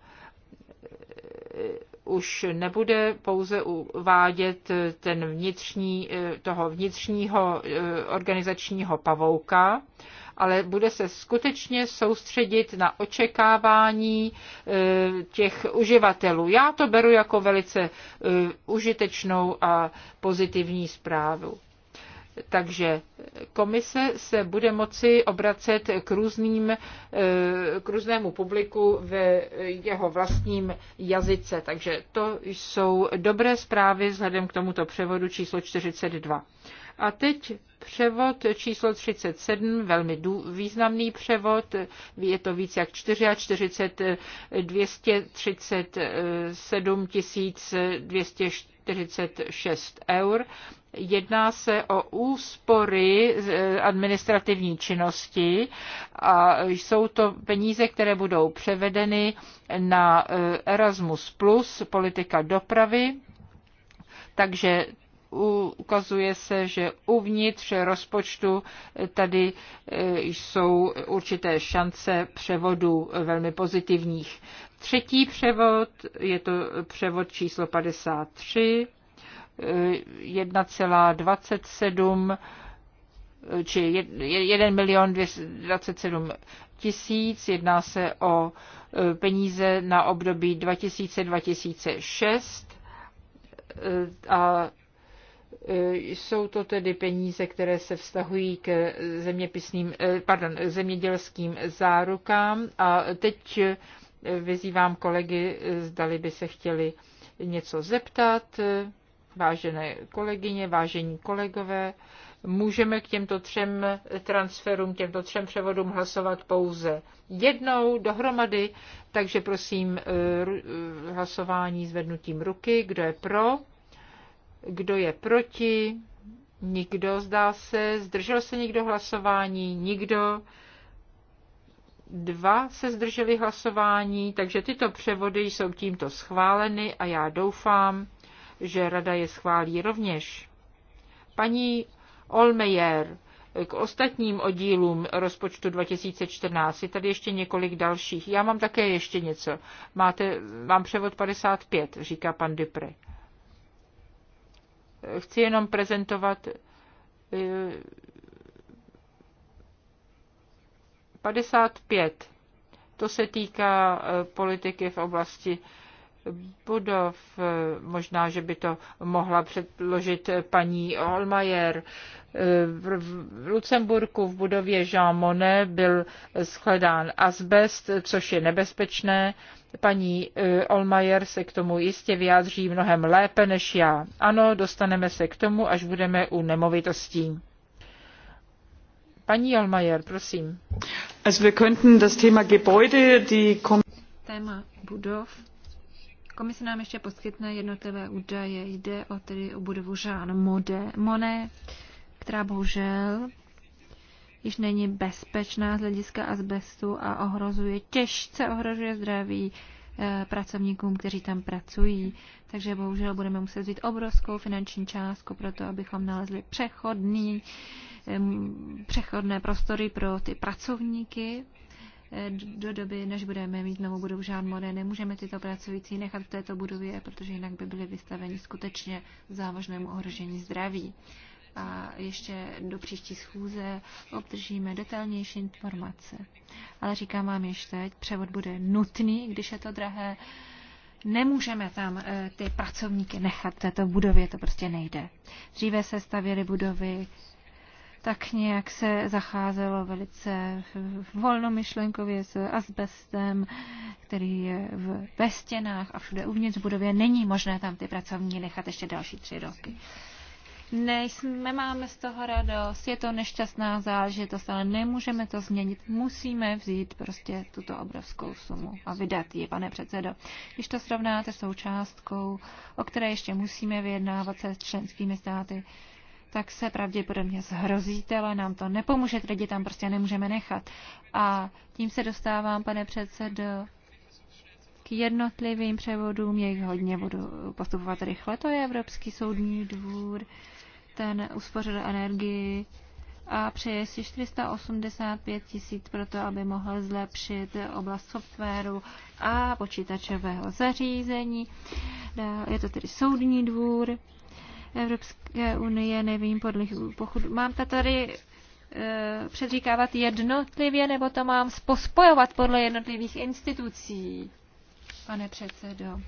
už nebude pouze uvádět ten vnitřní, eh, toho vnitřního eh, organizačního pavouka, ale bude se skutečně soustředit na očekávání eh, těch uživatelů. Já to beru jako velice užitečnou a pozitivní zprávu. Takže komise se bude moci obracet k, různým, eh, k různému publiku ve jeho vlastním jazyce. Takže to jsou dobré zprávy vzhledem k tomuto převodu číslo 42. A teď převod číslo 37, velmi významný převod, je to víc jak 4 40, 237 246 eur Jedná se o úspory eh, administrativní činnosti a jsou to peníze, které budou převedeny na eh, Erasmus Plus, politika dopravy. Takže ukazuje se, že uvnitř rozpočtu eh, tady jsou určité šance převodu velmi pozitivních. Třetí převod, je to převod číslo 53, 1,27 či 1 milion 27 tisíc. Jedná se o e, peníze na období 2000-2006 e, a e, jsou to tedy peníze, které se vztahují k zeměpisným, pardon, zemědělským zárukám. A teď vyzývám kolegy, zdali by se chtěli něco zeptat. Vážené kolegyně, vážení kolegové, můžeme k těmto třem transferům, těmto třem převodům hlasovat pouze jednou dohromady, takže prosím eh, eh, hlasování zvednutím ruky, kdo je pro, kdo je proti, nikdo zdá se, zdržel se někdo hlasování, nikdo, dva se zdrželi hlasování, takže tyto převody jsou tímto schváleny a já doufám, že rada je schválí rovněž. Paní Olmeyer, k ostatním oddílům rozpočtu 2014 je tady ještě několik dalších. Já mám také ještě něco. Máte, mám převod 55, říká pan Dupre. Chci jenom prezentovat 55. Eh, to se týká eh, politiky v oblasti budov. Možná, že by to mohla předložit paní Holmajer. V Lucemburku v budově Jean Monnet byl shledán asbest, což je nebezpečné. Paní eh, Olmajer se k tomu jistě vyjádří mnohem lépe než já. Ano, dostaneme se k tomu, až budeme u nemovitostí. Paní Olmajer, prosím. Also wir könnten das Thema Gebäude, die Téma budov Komise nám ještě poskytne jednotlivé údaje. Jde o, tedy o budovu Jean Mode, Mone, která bohužel již není bezpečná z hlediska asbestu a ohrozuje, těžce ohrožuje zdraví eh, pracovníkům, kteří tam pracují. Takže bohužel budeme muset vzít obrovskou finanční částku pro to, abychom nalezli přechodný, přechodné prostory pro ty pracovníky Eh, do doby, než budeme mít novou budovu Jean More, nemůžeme tyto pracující nechat v této budově, protože jinak by byly vystaveni skutečně závažnému ohrožení zdraví. A ještě do příští schůze obdržíme detailnější informace. Ale říkám vám ještě teď, převod bude nutný, když je to drahé. Nemůžeme tam eh, ty pracovníky nechat v této budově, to prostě nejde. Dříve se stavěly budovy tak nějak se zacházelo velice volnomyšlenkově s asbestem, který je v, ve stěnách a všude uvnitř budově. Není možné tam ty pracovní nechat ještě další tři roky. Nejsme, máme z toho radost, je to nešťastná záležitost, ale nemůžeme to změnit. Musíme vzít prostě tuto obrovskou sumu a vydat ji, pane předsedo. Když to srovnáte s součástkou, o které ještě musíme vyjednávat se členskými státy, tak se pravděpodobně zhrozíte, ale nám to nepomůže, lidi tam prostě nemůžeme nechat. A tím se dostávám, pane předsedo, k jednotlivým převodům, jejich hodně budu postupovat rychle, to je Evropský soudní dvůr, ten uspořil energii a přeje si 485 tisíc pro to, aby mohl zlepšit oblast softwaru a počítačového zařízení. Je to tedy soudní dvůr Evropské unie, nevím, podle, pochodu. mám to tady uh, předříkávat jednotlivě, nebo to mám pospojovat podle jednotlivých institucí, pane předsedo.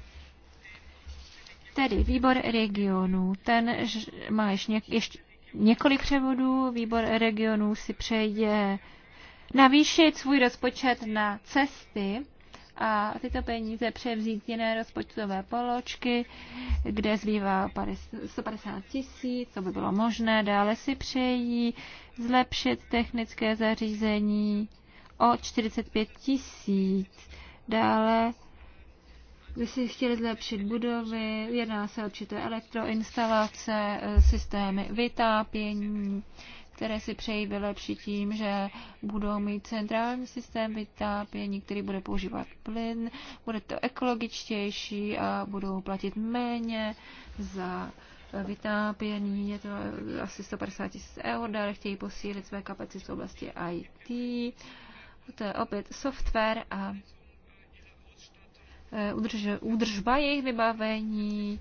Tedy výbor regionů, ten má ještě, ještě několik převodů, výbor regionů si přejde navýšit svůj rozpočet na cesty, a tyto peníze převzít jiné rozpočtové poločky, kde zbývá 150 tisíc, co by bylo možné. Dále si přejí zlepšit technické zařízení o 45 tisíc. Dále by si chtěli zlepšit budovy, jedná se o určité elektroinstalace, e, systémy vytápění, které si přejí vylepšit tím, že budou mít centrální systém vytápění, který bude používat plyn, bude to ekologičtější a budou platit méně za vytápění, je to asi 150 tisíc eur, dále chtějí posílit své kapacity v oblasti IT, to je opět software a eh, udržba jejich vybavení,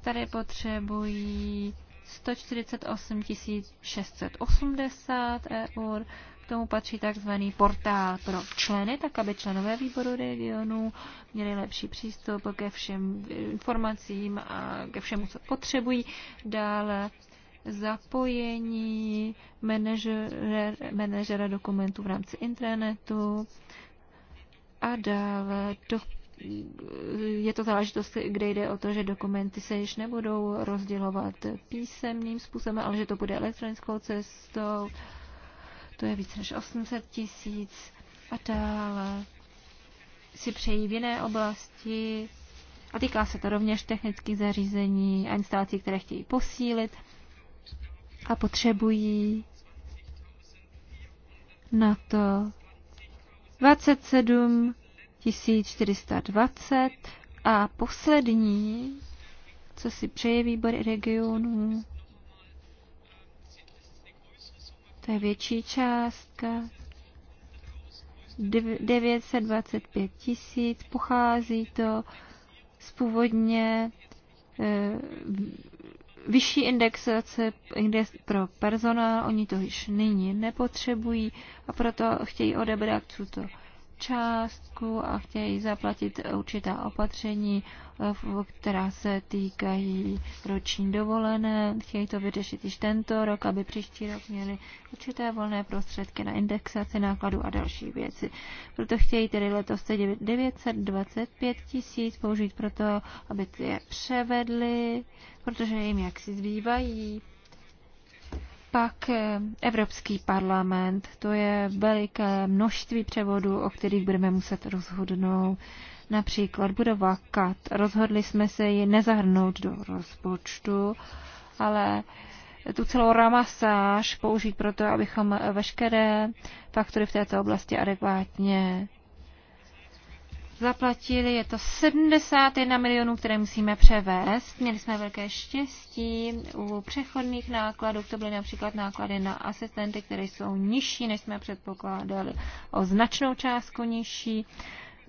tady potřebují 148 680 eur. K tomu patří takzvaný portál pro členy, tak aby členové výboru regionu měli lepší přístup ke všem informacím a ke všemu, co potřebují. Dále zapojení manažera, manažera dokumentů v rámci intranetu a dále dopad je to záležitost, kde jde o to, že dokumenty se již nebudou rozdělovat písemným způsobem, ale že to bude elektronickou cestou. To je více než 800 tisíc a dále si přejí v jiné oblasti a týká se to rovněž technických zařízení a instalací, které chtějí posílit a potřebují na to 27 1420 a poslední, co si přeje výbor regionů, to je větší částka, 925 tisíc, pochází to z původně eh, vyšší indexace index pro personál, oni to již nyní nepotřebují a proto chtějí odebrat tuto částku a chtějí zaplatit určitá opatření, která se týkají roční dovolené. Chtějí to vyřešit již tento rok, aby příští rok měli určité volné prostředky na indexaci nákladů a další věci. Proto chtějí tedy letos 925 tisíc použít proto, aby je převedli, protože jim jaksi zbývají. Pak eh, Evropský parlament, to je veliké množství převodů, o kterých budeme muset rozhodnout. Například budova KAT. Rozhodli jsme se ji nezahrnout do rozpočtu, ale tu celou ramasáž použít proto, abychom veškeré faktory v této oblasti adekvátně zaplatili, je to 71 milionů, které musíme převést. Měli jsme velké štěstí u přechodných nákladů, to byly například náklady na asistenty, které jsou nižší, než jsme předpokládali, o značnou částku nižší.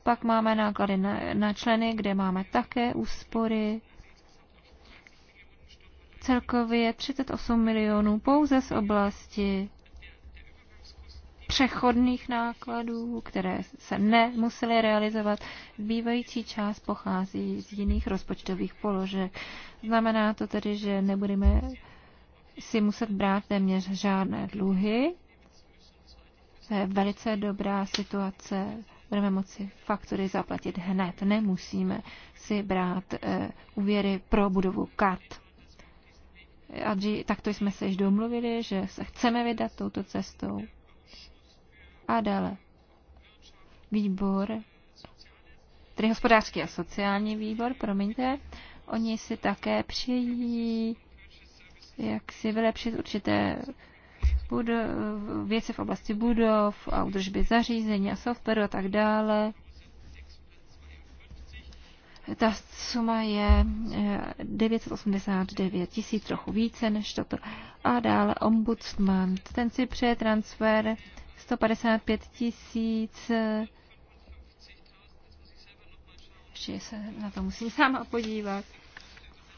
Pak máme náklady na, na členy, kde máme také úspory. Celkově 38 milionů pouze z oblasti přechodných nákladů, které se nemusely realizovat. Zbývající část pochází z jiných rozpočtových položek. Znamená to tedy, že nebudeme si muset brát téměř žádné dluhy. To je velice dobrá situace. Budeme moci faktury zaplatit hned. Nemusíme si brát uh, úvěry pro budovu kat. takto jsme se již domluvili, že se chceme vydat touto cestou. A dále výbor, tedy hospodářský a sociální výbor, promiňte, oni si také přijí. jak si vylepšit určité budu, věci v oblasti budov a udržby zařízení a softwaru a tak dále. Ta suma je 989 eh, tisíc, trochu více než toto. A dále ombudsman, ten si přeje transfer 155 tisíc ještě se na to musím sama podívat.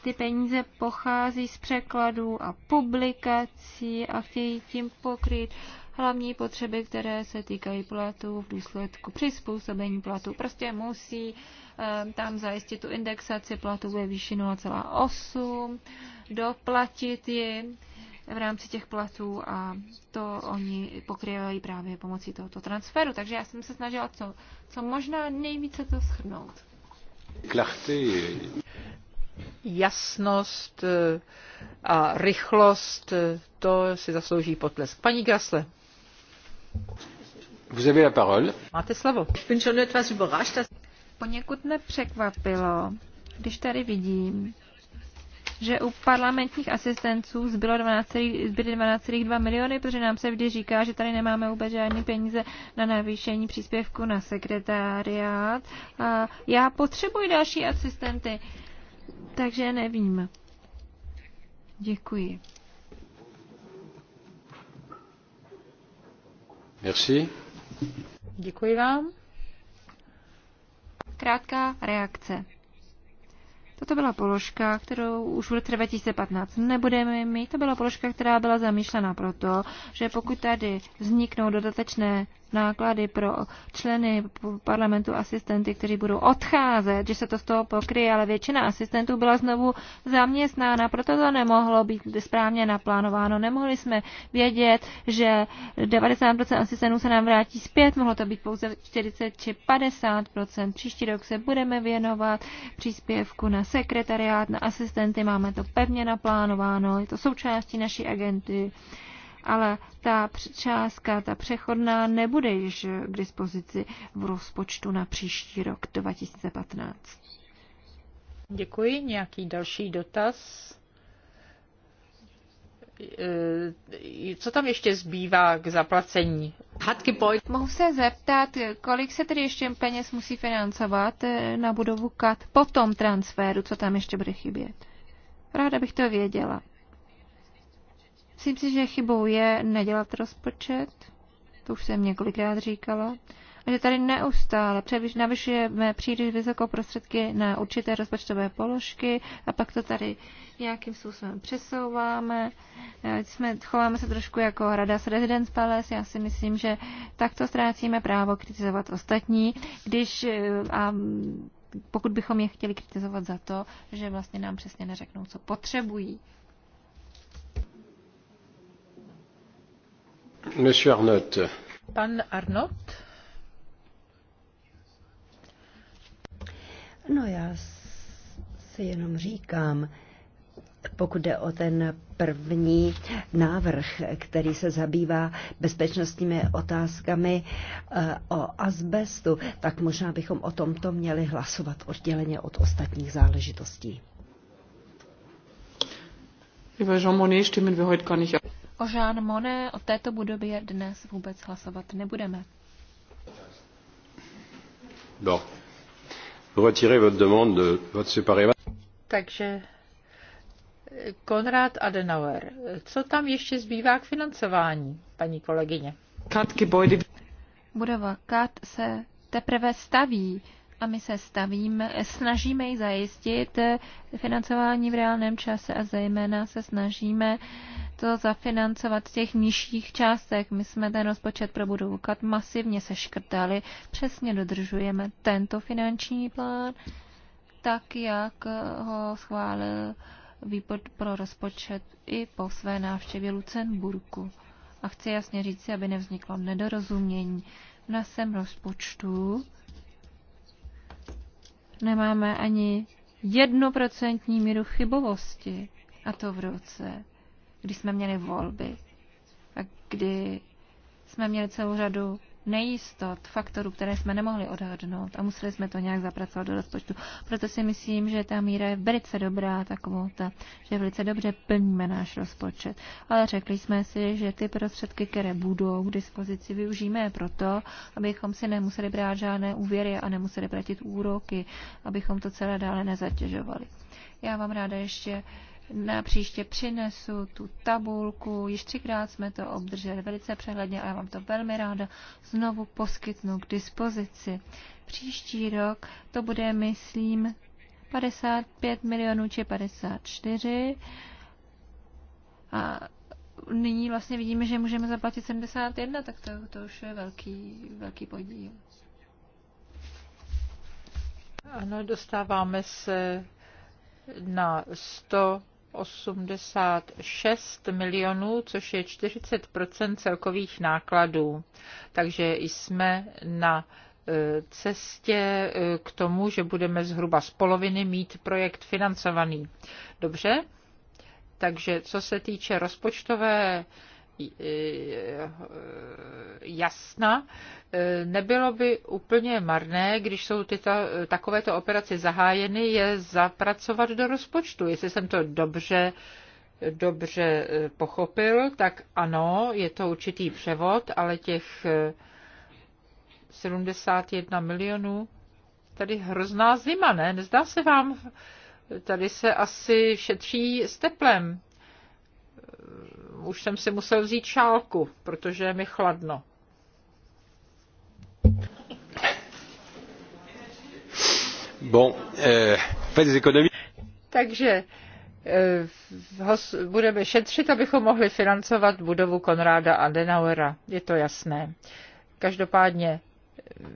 Ty peníze pochází z překladů a publikací a chtějí tím pokryt hlavní potřeby, které se týkají platů v důsledku přizpůsobení platů. Prostě musí um, tam zajistit tu indexaci platů ve výši 0,8, doplatit ji v rámci těch platů a to oni pokrývají právě pomocí tohoto transferu. Takže já jsem se snažila co, co možná nejvíce to schrnout. Klachty. Jasnost eh, a rychlost, eh, to si zaslouží potlesk. Paní Grasle. Vous avez la parole. Máte slovo. Poněkud nepřekvapilo, když tady vidím, že u parlamentních asistenců zbylo 12, zbyly 12,2 miliony, protože nám se vždy říká, že tady nemáme vůbec žádné peníze na navýšení příspěvku na sekretariát. A já potřebuji další asistenty, takže nevím. Děkuji. Merci. Děkuji vám. Krátká reakce. Toto byla položka, kterou už v roce 2015 nebudeme mít. To byla položka, která byla zamýšlená proto, že pokud tady vzniknou dodatečné náklady pro členy parlamentu asistenty, kteří budou odcházet, že se to z toho pokryje, ale většina asistentů byla znovu zaměstnána, proto to nemohlo být správně naplánováno. Nemohli jsme vědět, že 90% asistentů se nám vrátí zpět, mohlo to být pouze 40 či 50%. Příští rok se budeme věnovat příspěvku na sekretariát, na asistenty, máme to pevně naplánováno, je to součástí naší agenty ale ta částka, ta přechodná, nebude již k dispozici v rozpočtu na příští rok 2015. Děkuji. Nějaký další dotaz? E, co tam ještě zbývá k zaplacení? Mohu se zeptat, kolik se tedy ještě peněz musí financovat e, na budovu KAT po tom transferu, co tam ještě bude chybět? Ráda bych to věděla. Myslím si, že chybou je nedělat rozpočet, to už jsem několikrát říkala, a že tady neustále navyšujeme příliš vysoko prostředky na určité rozpočtové položky a pak to tady nějakým způsobem přesouváme. Eh, jsme, chováme se trošku jako rada s Residence Palace. Já si myslím, že takto ztrácíme právo kritizovat ostatní, když eh, a pokud bychom je chtěli kritizovat za to, že vlastně nám přesně neřeknou, co potřebují. No já si jenom říkám, pokud jde o ten první návrh, který se zabývá bezpečnostními otázkami eh, o asbestu, tak možná bychom o tomto měli hlasovat odděleně od ostatních záležitostí. Über Jean Monnet stimmen wir heute gar nicht ab o Jean Monnet, o této budově dnes vůbec hlasovat nebudeme. Bon. retirez votre demande de votre séparément. Takže Konrad Adenauer, co tam ještě zbývá k financování, paní kolegyně? Budova KAT se teprve staví a my se stavíme, snažíme ji zajistit financování v reálném čase a zejména se snažíme to zafinancovat z těch nižších částek. My jsme ten rozpočet pro budovu masivně seškrtali, přesně dodržujeme tento finanční plán, tak jak ho schválil výbor pro rozpočet i po své návštěvě Lucemburku. A chci jasně říct, aby nevzniklo nedorozumění. V našem rozpočtu nemáme ani jednoprocentní míru chybovosti. A to v roce, kdy jsme měli volby a kdy jsme měli celou řadu nejistot, faktorů, které jsme nemohli odhadnout a museli jsme to nějak zapracovat do rozpočtu. Proto si myslím, že ta míra je velice dobrá, ta kvota, že velice dobře plníme náš rozpočet. Ale řekli jsme si, že ty prostředky, které budou k dispozici, využijeme proto, abychom si nemuseli brát žádné úvěry a nemuseli platit úroky, abychom to celé dále nezatěžovali. Já vám ráda ještě na příště přinesu tu tabulku. Již třikrát jsme to obdrželi velice přehledně a já vám to velmi ráda znovu poskytnu k dispozici. Příští rok to bude, myslím, 55 milionů či 54. A nyní vlastně vidíme, že můžeme zaplatit 71, tak to, to už je velký, velký podíl. Ano, dostáváme se na 100 86 milionů, což je 40 celkových nákladů. Takže jsme na e, cestě e, k tomu, že budeme zhruba z poloviny mít projekt financovaný. Dobře? Takže co se týče rozpočtové Eh, jasna, eh, nebylo by úplně marné, když jsou tyto, eh, takovéto operace zahájeny, je zapracovat do rozpočtu. Jestli jsem to dobře dobře pochopil, tak ano, je to určitý převod, ale těch 71 milionů, tady hrozná zima, ne? Nezdá se vám, tady se asi šetří s teplem už jsem si musel vzít šálku, protože je mi chladno. Bon, eh, Takže eh, budeme šetřit, abychom mohli financovat budovu Konráda Adenauera. Je to jasné. Každopádně eh,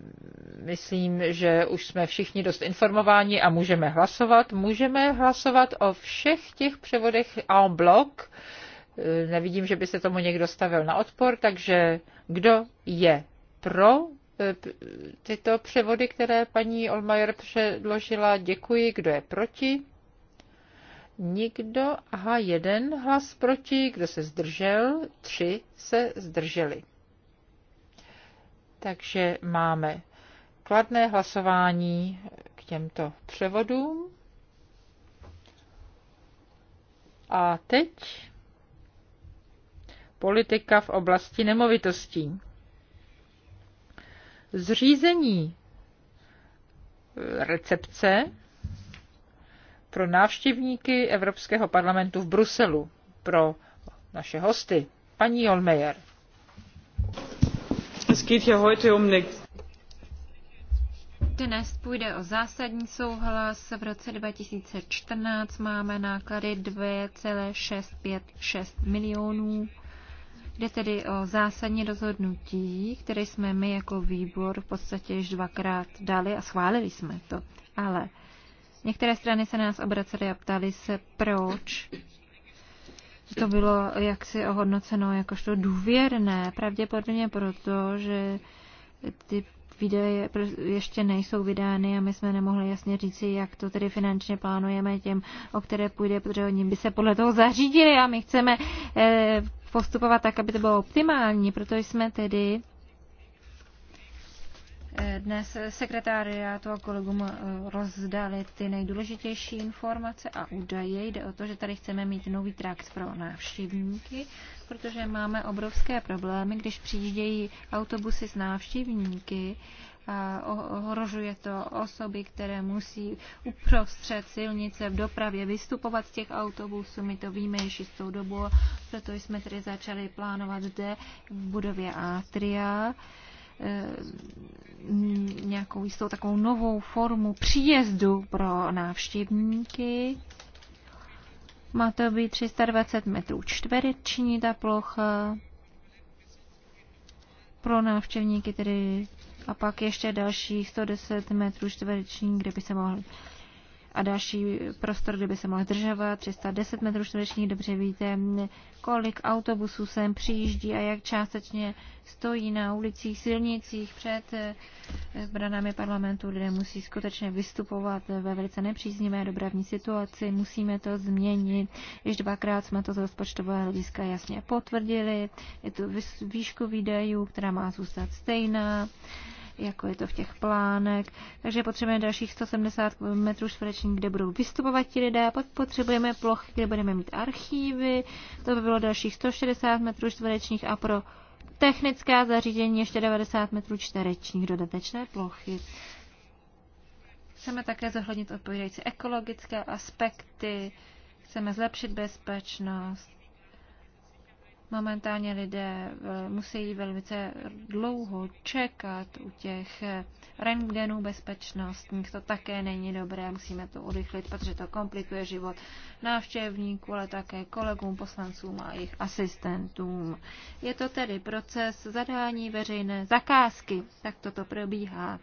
myslím, že už jsme všichni dost informováni a můžeme hlasovat. Můžeme hlasovat o všech těch převodech en bloc. Eh, Eh, nevidím, že by se tomu někdo stavil na odpor, takže kdo je pro eh, tyto převody, které paní Olmajer předložila, děkuji. Kdo je proti? Nikdo. Aha, jeden hlas proti. Kdo se zdržel? Tři se zdrželi. Takže máme kladné hlasování k těmto převodům. A teď politika v oblasti nemovitostí. Zřízení eh, recepce pro návštěvníky Evropského parlamentu v Bruselu, pro naše hosty. Paní Olmeyer. Um Dnes půjde o zásadní souhlas. V roce 2014 máme náklady 2,656 milionů Jde tedy o zásadní rozhodnutí, které jsme my jako výbor v podstatě již dvakrát dali a schválili jsme to. Ale některé strany se na nás obracely a ptali se, proč to bylo jaksi ohodnoceno jakožto důvěrné, pravděpodobně proto, že ty výdaje ještě nejsou vydány a my jsme nemohli jasně říci, jak to tedy finančně plánujeme těm, o které půjde, protože oni by se podle toho zařídili a my chceme eh, postupovat tak, aby to bylo optimální, proto jsme tedy eh, dnes sekretariátu a kolegům eh, rozdali ty nejdůležitější informace a údaje. Jde o to, že tady chceme mít nový trakt pro návštěvníky, protože máme obrovské problémy, když přijíždějí autobusy s návštěvníky, ohrožuje to osoby, které musí uprostřed silnice v dopravě vystupovat z těch autobusů. My to víme již tou dobu, proto jsme tedy začali plánovat zde v budově Atria e, nějakou jistou takovou novou formu příjezdu pro návštěvníky. Má to být 320 metrů čtvereční ta plocha. Pro návštěvníky tedy a pak ještě dalších 110 metrů čtvereční, kde by se mohl a další prostor, kde by se mohl zdržovat, 310 metrů čtverečních, dobře víte, kolik autobusů sem přijíždí a jak částečně stojí na ulicích, silnicích před eh, branami parlamentu, kde musí skutečně vystupovat ve velice nepříznivé dopravní situaci. Musíme to změnit. Již dvakrát jsme to z rozpočtového hlediska jasně potvrdili. Je to výšku výdajů, která má zůstat stejná jako je to v těch plánech. Takže potřebujeme dalších 170 metrů čtverečních, kde budou vystupovat ti lidé, pak potřebujeme plochy, kde budeme mít archívy, to by bylo dalších 160 metrů čtverečních a pro technická zařízení ještě 90 metrů čtverečních dodatečné plochy. Chceme také zohlednit odpovídající ekologické aspekty, chceme zlepšit bezpečnost, Momentálně lidé eh, musí velice dlouho čekat u těch eh, rentgenů bezpečnostních. To také není dobré, musíme to urychlit, protože to komplikuje život návštěvníků, ale také kolegům, poslancům a jejich asistentům. Je to tedy proces zadání veřejné zakázky. Tak toto probíhá.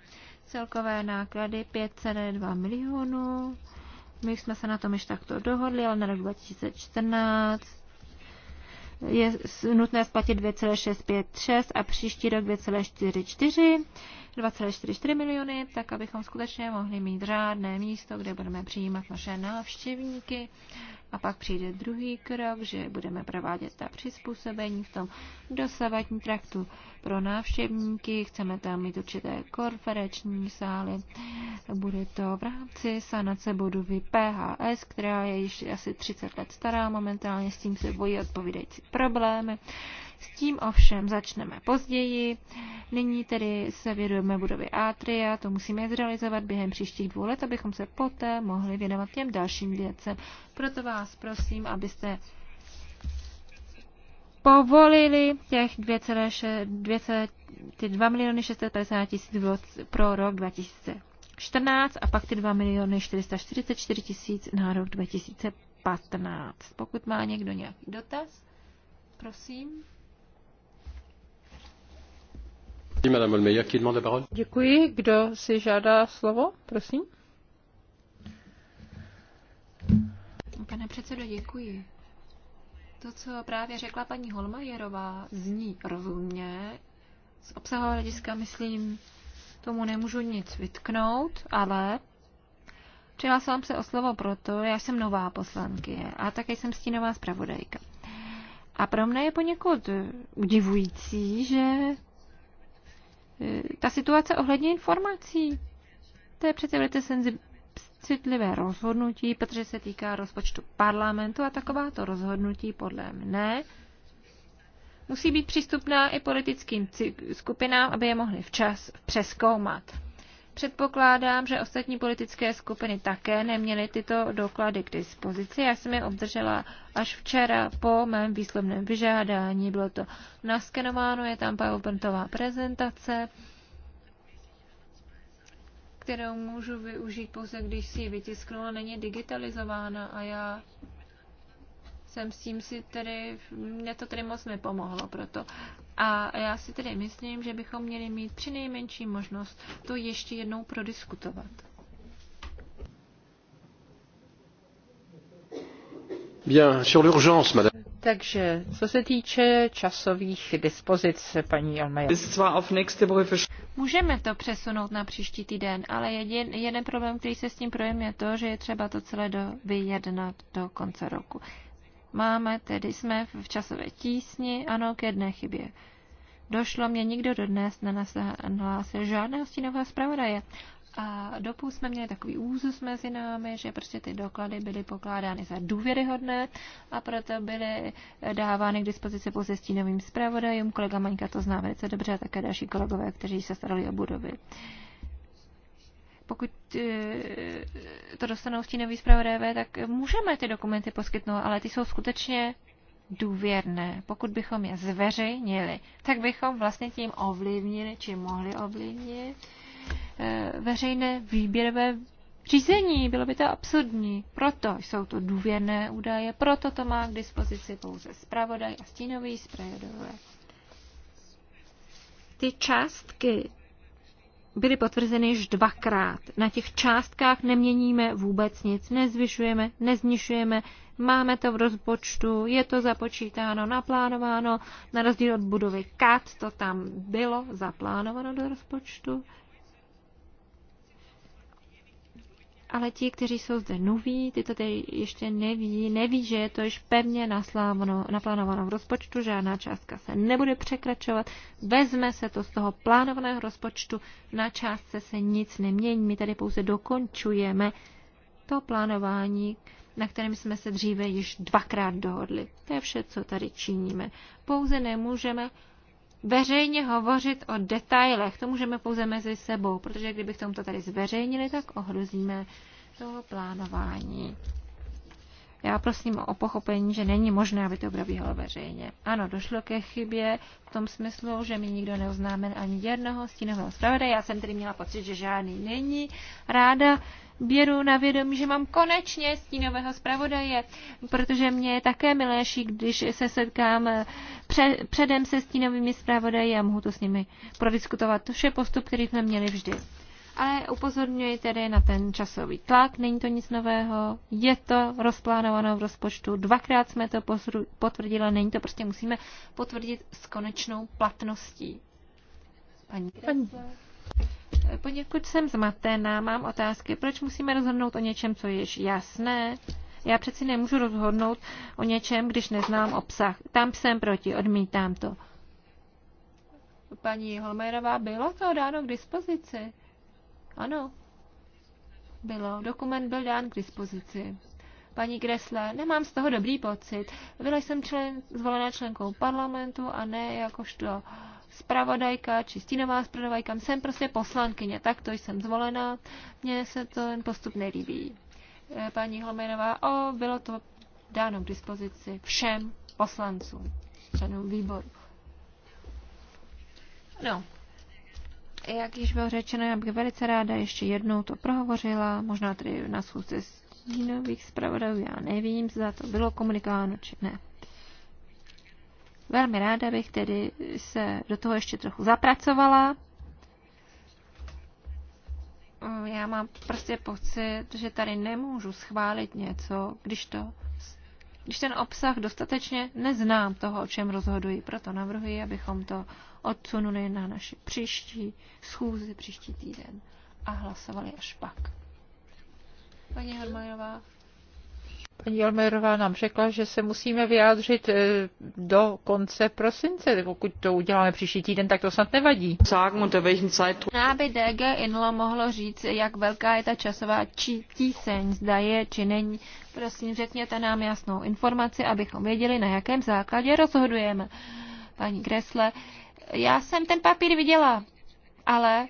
Celkové náklady 5,2 milionů. My jsme se na tom již takto dohodli, ale na rok 2014 je nutné splatit 2,656 a příští rok 2,44, 2,44 miliony, tak abychom skutečně mohli mít řádné místo, kde budeme přijímat naše návštěvníky. A pak přijde druhý krok, že budeme provádět ta přizpůsobení v tom dosavadní traktu pro návštěvníky, chceme tam mít určité konferenční sály. Bude to v rámci sanace budovy PHS, která je již asi 30 let stará, momentálně s tím se bojí odpovídající problémy. S tím ovšem začneme později. Nyní tedy se vědujeme budovy Atria, to musíme zrealizovat během příštích dvou let, abychom se poté mohli věnovat těm dalším věcem. Proto vás prosím, abyste povolili těch 2,2 miliony 650 tisíc pro rok 2014 a pak ty 2 miliony 444 tisíc na rok 2015. Pokud má někdo nějaký dotaz, prosím. Děkuji. Kdo si žádá slovo, prosím? Pane předsedo, děkuji. To, co právě řekla paní Holmajerová, zní rozumně. Z obsahového hlediska, myslím, tomu nemůžu nic vytknout, ale přihlásila se o slovo proto, já jsem nová poslankyně a také jsem stínová zpravodajka. A pro mne je poněkud udivující, že e, ta situace ohledně informací, to je přece velice citlivé rozhodnutí, protože se týká rozpočtu parlamentu a takováto rozhodnutí podle mne musí být přístupná i politickým skupinám, aby je mohli včas přeskoumat. Předpokládám, že ostatní politické skupiny také neměly tyto doklady k dispozici. Já jsem je obdržela až včera po mém výslovném vyžádání. Bylo to naskenováno, je tam PowerPointová prezentace kterou můžu využít pouze, když si ji vytisknu a není digitalizována a já jsem s tím si tedy, mě to tedy moc nepomohlo proto. A já si tedy myslím, že bychom měli mít při nejmenší možnost to ještě jednou prodiskutovat. Bien, sur l'urgence, madame. Takže, co se týče časových dispozic, paní Almeja. Můžeme to přesunout na příští týden, ale jedin, jeden problém, který se s tím projem, je to, že je třeba to celé do, vyjednat do konce roku. Máme tedy, jsme v časové tísni, ano, k jedné chybě. Došlo mě nikdo dodnes nenahlásil žádného stínového zpravodaje. A dopůl jsme měli takový úzus mezi námi, že prostě ty doklady byly pokládány za důvěryhodné a proto byly dávány k dispozici pouze stínovým zpravodajům. Kolega Maňka to zná velice dobře a také další kolegové, kteří se starali o budovy. Pokud e, to dostanou stínoví zpravodajové, tak můžeme ty dokumenty poskytnout, ale ty jsou skutečně důvěrné. Pokud bychom je zveřejnili, tak bychom vlastně tím ovlivnili, či mohli ovlivnit Eh, veřejné výběrové řízení. Bylo by to absurdní. Proto jsou to důvěrné údaje, proto to má k dispozici pouze zpravodaj a stínový zpravodajové. Ty částky byly potvrzeny již dvakrát. Na těch částkách neměníme vůbec nic, nezvyšujeme, neznišujeme, máme to v rozpočtu, je to započítáno, naplánováno, na rozdíl od budovy KAT to tam bylo zaplánováno do rozpočtu. ale ti, kteří jsou zde noví, ty to tedy ještě neví, neví, že je to již pevně naslávno, naplánováno v rozpočtu, žádná částka se nebude překračovat, vezme se to z toho plánovaného rozpočtu, na částce se nic nemění, my tady pouze dokončujeme to plánování, na kterém jsme se dříve již dvakrát dohodli. To je vše, co tady činíme. Pouze nemůžeme veřejně hovořit o detailech. To můžeme pouze mezi sebou, protože kdybychom to tady zveřejnili, tak ohrozíme toho plánování. Já prosím o pochopení, že není možné, aby to probíhalo veřejně. Ano, došlo ke chybě v tom smyslu, že mi nikdo neoznámen ani jednoho stínového zpravodaje. Já jsem tedy měla pocit, že žádný není. Ráda běru na vědomí, že mám konečně stínového zpravodaje, protože mě je také milejší, když se setkám eh, před, předem se stínovými zpravodaji a mohu to s nimi prodiskutovat. To je postup, který jsme měli vždy. Ale upozorňuji tedy na ten časový tlak, není to nic nového, je to rozplánováno v rozpočtu, dvakrát jsme to potvrdili, není to prostě musíme potvrdit s konečnou platností. Paní, Paní. Poněkud jsem zmatená, mám otázky, proč musíme rozhodnout o něčem, co je již jasné? Já přeci nemůžu rozhodnout o něčem, když neznám obsah. Tam jsem proti, odmítám to. Paní Holmerová, bylo to dáno k dispozici? Ano, bylo. Dokument byl dán k dispozici. Paní Gresle, nemám z toho dobrý pocit. Byla jsem člen, zvolená členkou parlamentu a ne jakožto uh, spravodajka či stínová zpravodajka? jsem prostě poslankyně, tak to jsem zvolená, mně se to ten postup nelíbí. Eh, paní Holmenová, o, bylo to dáno k dispozici všem poslancům, členům výboru. No, jak již bylo řečeno, já bych velice ráda ještě jednou to prohovořila, možná tedy na schůzce stínových zpravodajů, já nevím, zda to bylo komunikováno či ne. Velmi ráda bych tedy se do toho ještě trochu zapracovala. Já mám prostě pocit, že tady nemůžu schválit něco, když to když ten obsah dostatečně neznám toho, o čem rozhoduji. Proto navrhuji, abychom to odsunuli na naši příští schůzi, příští týden a hlasovali až pak. Paní Hormajová, Paní Almerová nám řekla, že se musíme vyjádřit eh, do konce prosince. Pokud to uděláme příští týden, tak to snad nevadí. Aby DG Inlo mohlo říct, jak velká je ta časová či tíseň, zda je či není. Prosím, řekněte nám jasnou informaci, abychom věděli, na jakém základě rozhodujeme. Paní Kresle, já jsem ten papír viděla, ale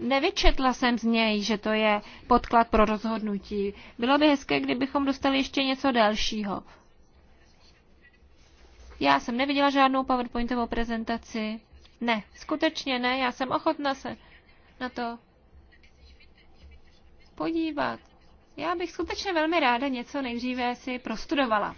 nevyčetla jsem z něj, že to je podklad pro rozhodnutí. Bylo by hezké, kdybychom dostali ještě něco dalšího. Já jsem neviděla žádnou PowerPointovou prezentaci. Ne, skutečně ne, já jsem ochotna se na to podívat. Já bych skutečně velmi ráda něco nejdříve si prostudovala.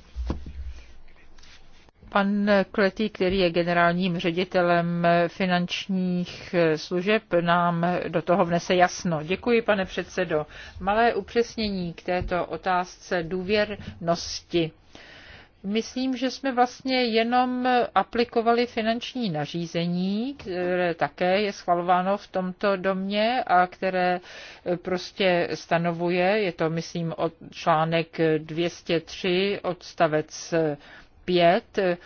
Pan Kletý, který je generálním ředitelem finančních služeb, nám do toho vnese jasno. Děkuji, pane předsedo. Malé upřesnění k této otázce důvěrnosti. Myslím, že jsme vlastně jenom aplikovali finanční nařízení, které také je schvalováno v tomto domě a které prostě stanovuje, je to myslím od článek 203 odstavec 5 eh,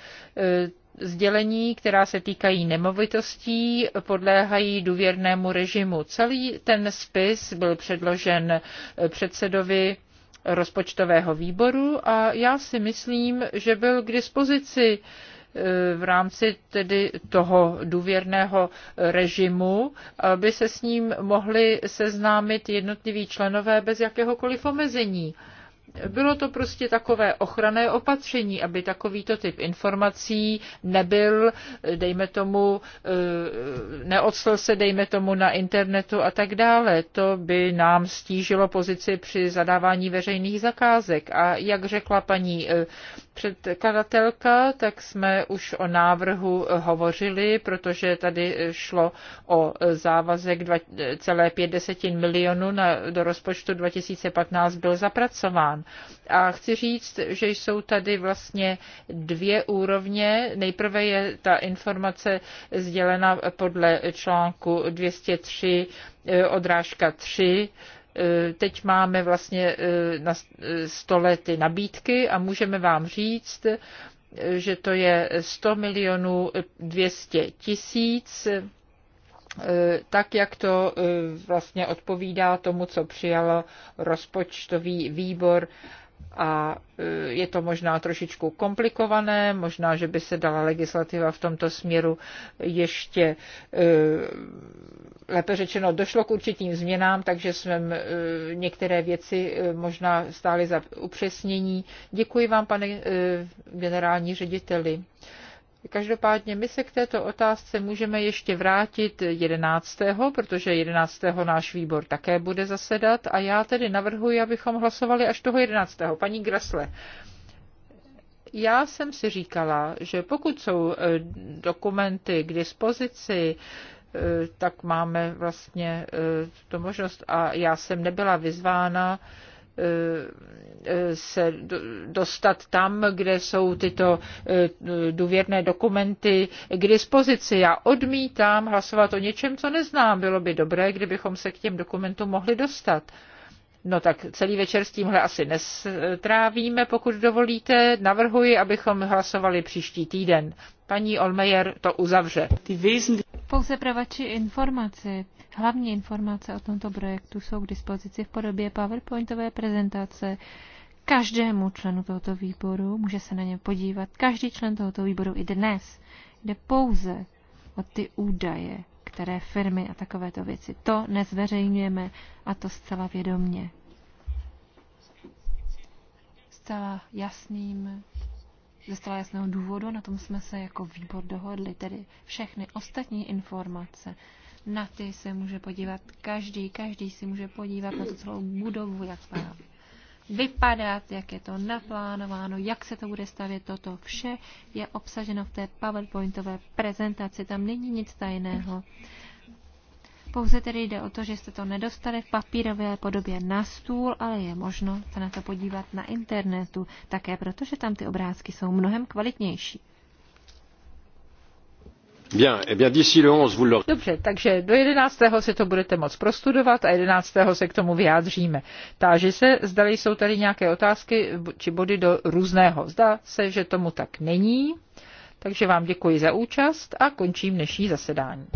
sdělení, která se týkají nemovitostí, podléhají důvěrnému režimu. Celý ten spis byl předložen eh, předsedovi rozpočtového výboru a já si myslím, že byl k dispozici eh, v rámci tedy toho důvěrného režimu, aby se s ním mohli seznámit jednotliví členové bez jakéhokoliv omezení. Bylo to prostě takové ochranné opatření, aby takovýto typ informací nebyl, dejme tomu, eh, neodstal se, dejme tomu, na internetu a tak dále. To by nám stížilo pozici při zadávání veřejných zakázek. A jak řekla paní eh, předkladatelka, tak jsme už o návrhu hovořili, protože tady šlo o závazek 2,5 eh, milionů na, do rozpočtu 2015 byl zapracován Irán. A chci říct, že jsou tady vlastně dvě úrovně. Nejprve je ta informace sdělena podle článku 203 eh, odrážka 3 eh, teď máme vlastně eh, na stole ty nabídky a můžeme vám říct, že to je 100 milionů 200 tisíc Eh, tak, jak to eh, vlastně odpovídá tomu, co přijal rozpočtový výbor a eh, je to možná trošičku komplikované, možná, že by se dala legislativa v tomto směru ještě, lépe řečeno, došlo k určitým změnám, takže jsme některé věci možná stály za upřesnění. Děkuji vám, pane generální řediteli. Každopádně my se k této otázce můžeme ještě vrátit 11., protože 11. náš výbor také bude zasedat a já tedy navrhuji, abychom hlasovali až toho 11. Paní Grasle, já jsem si říkala, že pokud jsou eh, dokumenty k dispozici, eh, tak máme vlastně eh, tu možnost a já jsem nebyla vyzvána se dostat tam, kde jsou tyto eh, důvěrné dokumenty k dispozici. Já odmítám hlasovat o něčem, co neznám. Bylo by dobré, kdybychom se k těm dokumentům mohli dostat. No tak celý večer s tímhle asi nestrávíme, pokud dovolíte. Navrhuji, abychom hlasovali příští týden. Paní Olmejer to uzavře. Pouze pravači informace, Hlavní informace o tomto projektu jsou k dispozici v podobě PowerPointové prezentace každému členu tohoto výboru. Může se na ně podívat každý člen tohoto výboru i dnes. Jde pouze o ty údaje, které firmy a takovéto věci. To nezveřejňujeme a to zcela vědomně. Zcela jasným, ze zcela jasného důvodu, na tom jsme se jako výbor dohodli, tedy všechny ostatní informace, na ty se může podívat každý, každý si může podívat na tu celou budovu, jak má vypadat, jak je to naplánováno, jak se to bude stavět, toto vše je obsaženo v té PowerPointové prezentaci, tam není nic tajného. Pouze tedy jde o to, že jste to nedostali v papírové podobě na stůl, ale je možno se na to podívat na internetu, také protože tam ty obrázky jsou mnohem kvalitnější. Eh Dobře, takže do 11. si to budete moc prostudovat a 11. se k tomu vyjádříme. Táži se, zda jsou tady nějaké otázky či body do různého. Zdá se, že tomu tak není, takže vám děkuji za účast a končím dnešní zasedání.